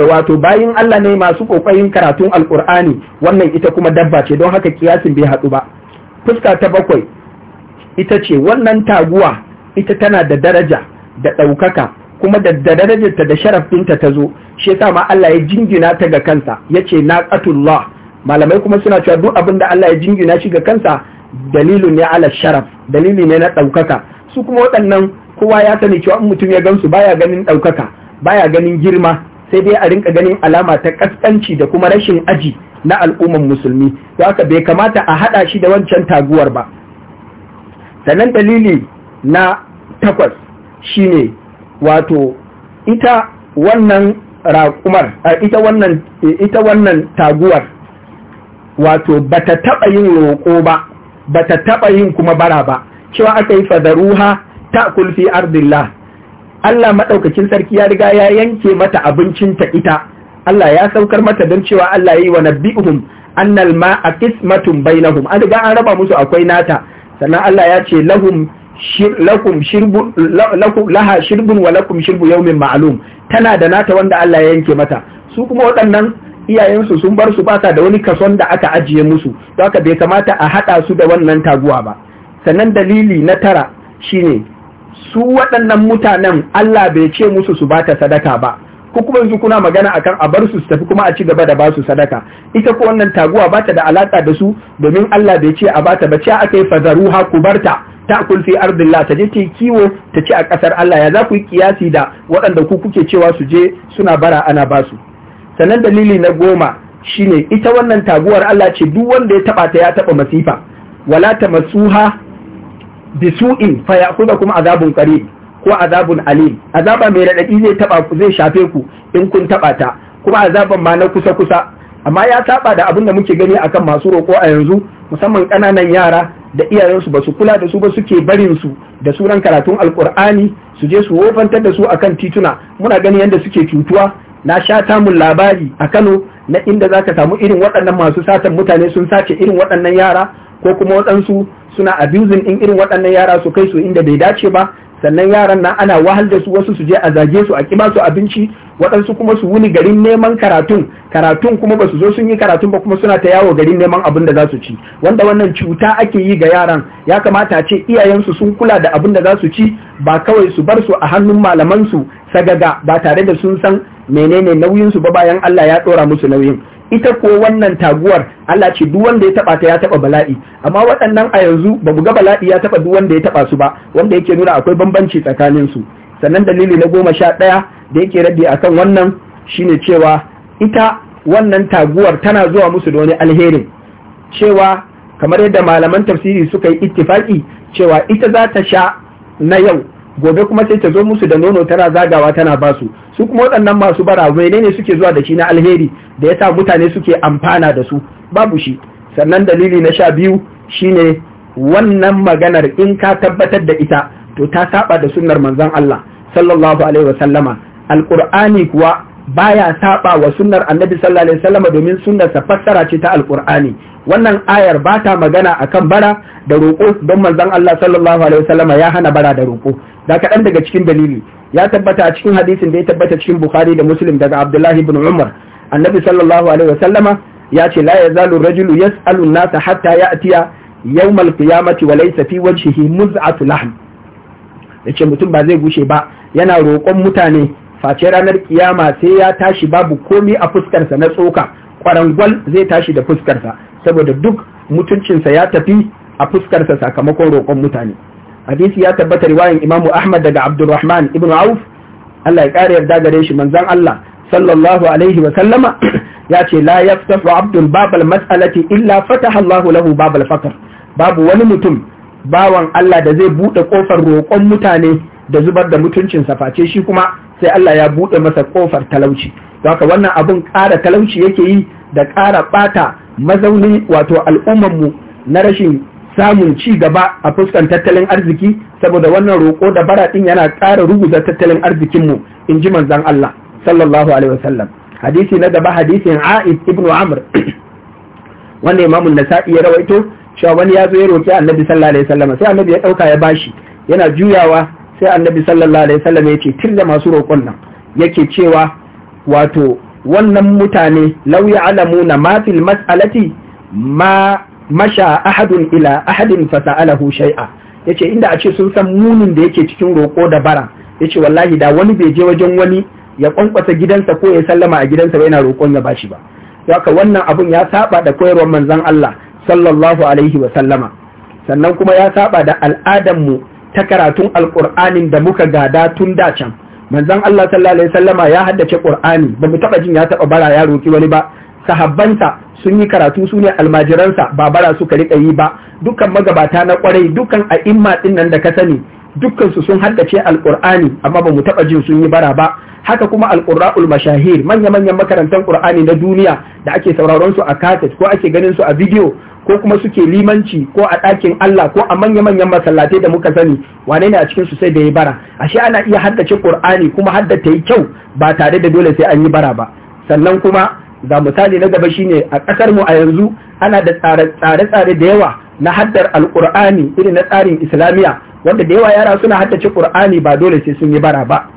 wato bayin Allah ne masu kokarin karatun alkur'ani wannan ita kuma dabba ce don haka kiyasin bai haɗu ba fuska ta bakwai ita ce wannan taguwa ita tana da daraja da ɗaukaka kuma da darajarta da sharafinta ta zo shi yasa ma Allah ya jingina ta ga kansa yace naqatullah malamai kuma suna cewa duk abin da Allah ya jingina shi ga kansa dalilu ne ala sharaf dalili ne na ɗaukaka su kuma waɗannan kowa ya sani cewa in mutum ya gansu baya ganin ɗaukaka baya ganin girma sai dai a rinka ganin alama ta ƙasƙanci da kuma rashin aji na al'umman musulmi don haka bai kamata a haɗa shi da wancan taguwar ba sannan dalili na takwas shine wato ita wannan raƙumar ita wannan taguwar wato bata taɓa yin roƙo ba bata taɓa yin kuma bara ba cewa aka yi fadaruha ta kulfi ardillah Allah maɗaukakin sarki ya riga ya yanke mata abincin ta ita Allah ya saukar mata don cewa Allah ya yi wa nabbi'uhum annal ma'a qismatun bainahum an riga an raba musu akwai nata sannan Allah ya ce lahum lakum laha shirbun wa lakum shirbu min ma'lum tana da nata wanda Allah ya yanke mata su kuma waɗannan iyayensu sun bar su ba da wani kason da aka ajiye musu don haka bai kamata a haɗa su da wannan taguwa ba sannan dalili na tara shine su waɗannan mutanen Allah bai ce musu su bata sadaka ba ko kuma yanzu kuna magana akan a bar su su tafi kuma a ci gaba da ba su sadaka ita ko wannan taguwa ba ta da alaka da su domin Allah bai ce a bata ba ce aka yi fazaruha ku barta ta fi ardillah ta je ta kiwo ta ci a ƙasar Allah ya za ku yi kiyasi da waɗanda ku kuke cewa su je suna bara ana ba su sannan dalili na goma shine ita wannan taguwar Allah ce duk wanda ya taba ta ya taɓa masifa wala ta masuha bisu'in fa kuma azabun qarib ko azabun alim azaba mai radadi zai taba zai shafe ku in kun taɓa ta kuma azaban ma na kusa kusa amma ya saba da abin da muke gani akan masu roƙo a yanzu musamman ƙananan yara da iyayensu ba su kula da su ba suke barin su da sunan karatun alƙur'ani su je su wofantar da su akan tituna muna gani yadda suke cutuwa na sha tamun labari a Kano na inda zaka samu irin waɗannan masu satan mutane sun sace irin waɗannan yara ko kuma waɗansu suna abusing in irin waɗannan yara su kai su inda bai dace ba sannan yaran nan ana wahal da su wasu su je a zage su a kima su abinci waɗansu kuma su wuni garin neman karatun karatun kuma ba su zo sun yi karatun ba kuma suna ta yawo garin neman abin da za su ci wanda wannan cuta ake yi ga yaran ya kamata a ce iyayensu sun kula da abin da za su ci ba kawai su bar su a hannun malamansu sagaga ba tare da sun san menene nauyinsu ba bayan Allah ya ɗora musu nauyin ita ko wannan taguwar Allah ce duk wanda ya taba ta ya taba bala'i amma waɗannan a yanzu ba ga bala'i ya taba duk wanda ya taba su ba wanda yake nuna akwai bambanci tsakanin su sannan dalili na goma sha ɗaya da yake raddi akan wannan shine cewa ita wannan taguwar tana zuwa musu da wani alherin cewa kamar yadda malaman tafsiri suka yi ittifaki cewa ita za ta sha na yau gobe kuma sai ta zo musu da nono tana zagawa tana ba su su kuma waɗannan masu bara ne suke zuwa da shi na alheri da yasa mutane suke amfana da su babu shi sannan dalili na sha biyu shine wannan maganar in ka tabbatar da ita to ta saba da sunnar manzon Allah sallallahu alaihi wasallama alqur'ani kuwa baya saba wa sunnar annabi sallallahu alaihi wasallam domin sunnar sa fassara ce ta alqur'ani wannan ayar ba ta magana akan bara da roƙo don manzon Allah sallallahu alaihi wasallam ya hana bara da roƙo da kaɗan daga cikin dalili ya tabbata a cikin hadisin da ya tabbata cikin bukhari da muslim daga abdullahi ibn umar annabi sallallahu alaihi wasallama ya ce la yazalu rajulu yas'alu an-nasa hatta ya'tiya yawm al-qiyamati wa laysa fi wajhihi muz'atu lahm yace mutum ba zai gushe ba yana roƙon mutane face ranar kiyama sai ya tashi babu komi a fuskarsa na tsoka kwarangwal zai tashi da fuskarsa saboda duk mutuncinsa ya tafi a fuskarsa sakamakon roƙon mutane hadisi ya tabbatar riwayan imamu ahmad daga Abdulrahman ibn auf allah ya ƙara yarda gare shi manzon allah sallallahu alaihi wa sallama ya ce la yaftahu abdul babal mas'alati illa fataha allah lahu babal fakr babu wani mutum bawan allah da zai buɗe ƙofar roƙon mutane da zubar da mutuncinsa face shi kuma sai Allah ya buɗe masa ƙofar talauci haka wannan abun ƙara talauci yake yi da ƙara ɓata mazauni wato al'ummanmu na rashin samun ci gaba a fuskan tattalin arziki saboda wannan roƙo da bara ɗin yana ƙara ruguza tattalin arzikinmu in ji manzan Allah sallallahu alaihi wasallam hadisi na gaba hadisin Aif ibn Amr wanda Imam Nasa'i ya rawaito cewa wani ya zo ya roƙi Annabi sallallahu alaihi wasallam sai Annabi ya ɗauka ya bashi yana juyawa sai annabi sallallahu alaihi wasallam ya ce da masu roƙon nan yake cewa wato wannan mutane law na ma fil mas'alati ma masha ahadun ila ahadin sa'alahu shay'a yace inda a ce sun san munin da yake cikin roƙo da bara yace wallahi da wani bai je wajen wani ya kwankwasa gidansa ko ya sallama a gidansa ba yana roƙon ya bashi ba haka wannan abun ya saba da koyarwar manzon Allah sallallahu alaihi wa sallama sannan kuma ya saba da al'adan mu ta karatun alƙur'anin da muka gada tun da can manzon Allah sallallahu alaihi wasallama ya haddace ƙur'ani ba mu taɓa jin ya taɓa bara ya roki wani ba sahabbansa sun yi karatu su ne almajiransa ba bara suka riƙa yi ba dukkan magabata na ƙwarai dukkan a'imma ɗin nan da ka sani dukkan su sun haddace alƙur'ani amma ba mu taɓa jin sun yi bara ba haka kuma alƙurra'ul mashahir manya-manyan makarantar ƙur'ani na duniya da ake sauraron su a kaset ko ake ganin su a bidiyo ko kuma suke limanci ko a ɗakin Allah ko a manya-manyan masallatai da muka sani wane ne a cikin su sai da ya bara ashe ana iya haddace Qur'ani kuma haddace yi kyau ba tare da dole sai an yi bara ba sannan kuma ga misali na gaba shine a ƙasar mu a yanzu ana da tsare-tsare da yawa na haddar al alƙur'ani irin na tsarin islamiya wanda da yawa yara suna haddace Qur'ani ba dole sai sun yi bara ba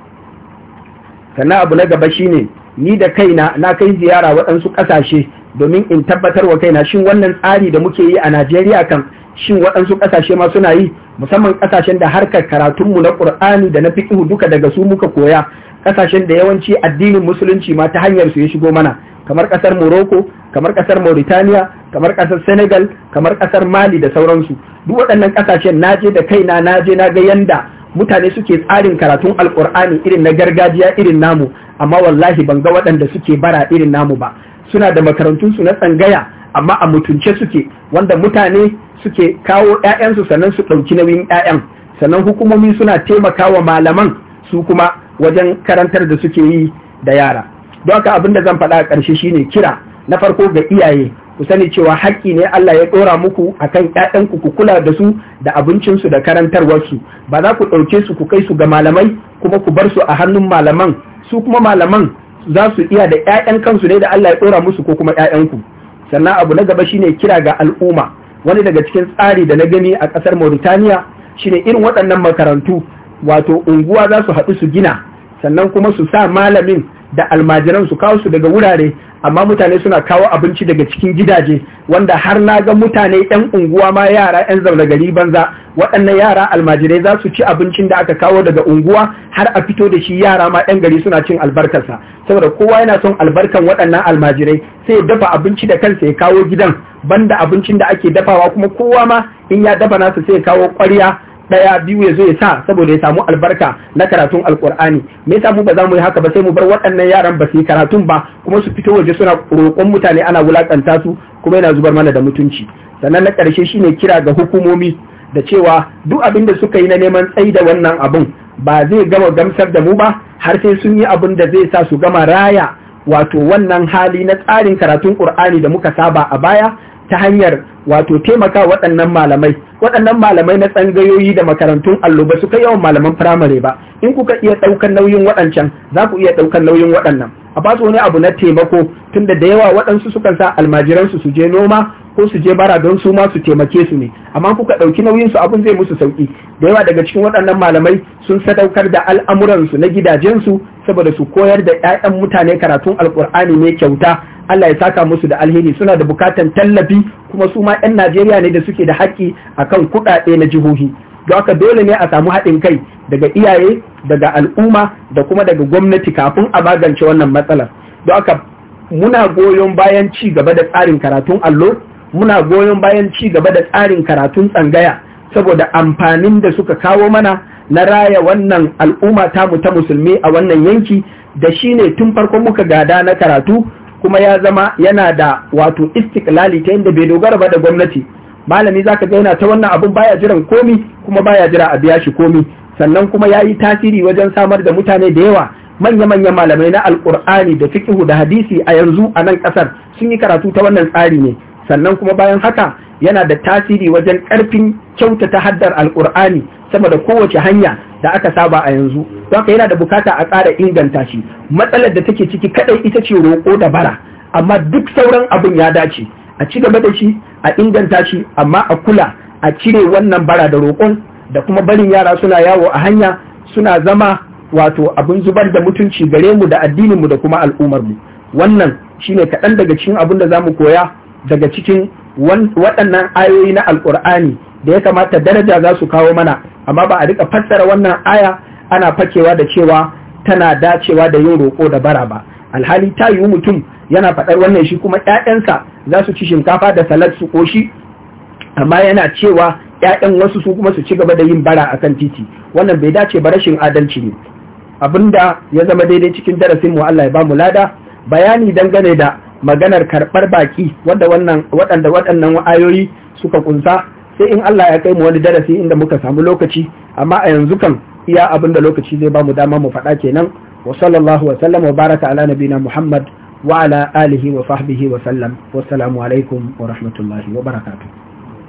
sannan abu na gaba shine ni da kaina na kai ziyara waɗansu ƙasashe domin in tabbatar wa kaina shin wannan tsari da muke yi a Najeriya kan shin waɗansu ƙasashe ma suna yi musamman ƙasashen da harkar karatunmu na ƙur'ani da na fiƙihu duka daga su muka koya ƙasashen da yawanci addinin musulunci ma ta hanyar su ya shigo mana kamar ƙasar Morocco kamar ƙasar Mauritania kamar ƙasar Senegal kamar ƙasar Mali da sauransu duk waɗannan ƙasashen naje da kaina naje na ga yanda mutane suke tsarin karatun alƙur'ani irin na gargajiya irin namu amma wallahi ban ga waɗanda suke bara irin namu ba suna da makarantunsu na tsangaya amma a mutunce suke wanda mutane suke kawo 'ya'yansu sannan su ɗauki nauyin 'ya'yan sannan hukumomi suna taimakawa malaman su kuma wajen karantar da suke yi da yara don haka abin da zan faɗa a ƙarshe shine kira na farko ga iyaye ku sani cewa haƙƙi ne Allah ya ɗora muku akan ƴaƴanku ku kula da su da abincinsu da karantarwarsu ba za ku ɗauke su ku kai su ga malamai kuma ku bar su a hannun malaman su kuma malaman za su iya da ya'yan kansu ne da Allah ya ɗora musu ko kuma 'ya'yanku? sannan abu na gaba shine kira ga al'umma wani daga cikin tsari da na gani a ƙasar Mauritania shine irin waɗannan makarantu wato unguwa za su haɗu su gina sannan kuma su sa malamin da almajiran su kawo su daga wurare amma mutane suna kawo abinci daga cikin gidaje wanda har na ga mutane yan unguwa ma yara yan zaune gari banza waɗannan yara almajirai za su ci abincin da aka kawo daga unguwa har a fito da shi yara ma yan gari suna cin albarkarsa saboda kowa yana son albarkan waɗannan almajirai sai ya dafa abinci da kansa ya kawo gidan banda abincin da ake dafawa kuma kowa ma in ya dafa nasa sai ya kawo ƙwarya daya biyu ya zo ya sa saboda ya samu albarka na karatun alkur'ani me yasa mu ba za mu yi haka ba sai mu bar waɗannan yaran ba su yi karatun ba kuma su fito waje suna roƙon mutane ana wulaƙanta su kuma yana zubar mana da mutunci sannan na ƙarshe shine kira ga hukumomi da cewa duk abin da suka yi na neman tsayi da wannan abun ba zai gama gamsar da mu ba har sai sun yi abin da zai sa su gama raya wato wannan hali na tsarin karatun ƙur'ani da muka saba a baya ta hanyar wato taimaka waɗannan malamai waɗannan malamai na tsangayoyi da makarantun allo ba su kai yawan malaman firamare ba in kuka iya ɗaukar nauyin waɗancan za ku iya ɗaukar nauyin waɗannan a ba su wani abu na taimako tunda da yawa waɗansu sukan sa almajiransu su je noma ko su je bara don su ma su taimake su ne amma kuka ɗauki nauyin su abun zai musu sauƙi da yawa daga cikin waɗannan malamai sun sadaukar da al'amuransu na gidajensu saboda su koyar da 'ya'yan mutane karatun alƙur'ani ne kyauta Allah ya saka musu da alheri suna da bukatan tallafi kuma su ma 'yan Najeriya ne da suke da haƙƙi a kan kuɗaɗe na jihohi don haka dole ne a samu haɗin kai daga iyaye daga al'umma da kuma daga gwamnati kafin a magance wannan matsalar don haka muna goyon bayan ci gaba da tsarin karatun allo muna goyon bayan ci gaba da tsarin karatun tsangaya saboda amfanin da suka kawo mana na raya wannan al'umma tamu ta musulmi a wannan yanki da shi ne tun farkon muka gada na karatu kuma ya zama yana da wato istiklali ta yadda bai dogara ba da gwamnati malami zaka ga yana ta wannan abun baya jiran komi kuma baya jira a biya shi komi sannan kuma ya yi tasiri wajen samar da mutane da yawa manya-manyan malamai na alkur'ani da fikihu da hadisi a yanzu a nan kasar sun yi karatu ta wannan tsari ne sannan kuma bayan haka yana da tasiri wajen ƙarfin ta haddar alƙur'ani sama da kowace hanya da aka saba a yanzu don haka yana da bukata a ƙara inganta shi matsalar da take ciki kaɗai ita ce roƙo da bara amma duk sauran abin ya dace a ci gaba da shi a inganta shi amma a kula a cire wannan bara da roƙon da kuma barin yara suna yawo a hanya suna zama wato abin zubar da mutunci gare mu da addinin mu da kuma al'ummar mu wannan shine kaɗan daga cikin abin da zamu koya daga cikin waɗannan ayoyi na alƙur'ani da ya kamata daraja za su kawo mana amma ba a rika fassara wannan aya ana fakewa da cewa tana dacewa da yin roƙo da bara ba alhali ta yiwu mutum yana faɗar wannan shi kuma ƴaƴansa za su ci shinkafa da salad su ƙoshi amma yana cewa ƴaƴan wasu su kuma su ci gaba da yin bara a kan titi wannan bai dace ba rashin adalci ne abinda ya zama daidai cikin darasin mu Allah ya ba mu lada bayani dangane da maganar karɓar baƙi waɗanda waɗannan ayoyi suka kunsa sai in Allah ya kai mu wani darasi inda muka samu lokaci amma a yanzu kan iya abin da lokaci zai ba mu dama mu faɗa kenan wa sallallahu wa sallam wa baraka ala nabina Muhammad wa ala alihi wa sahbihi wa sallam salamu alaikum wa rahmatullahi wa barakatuh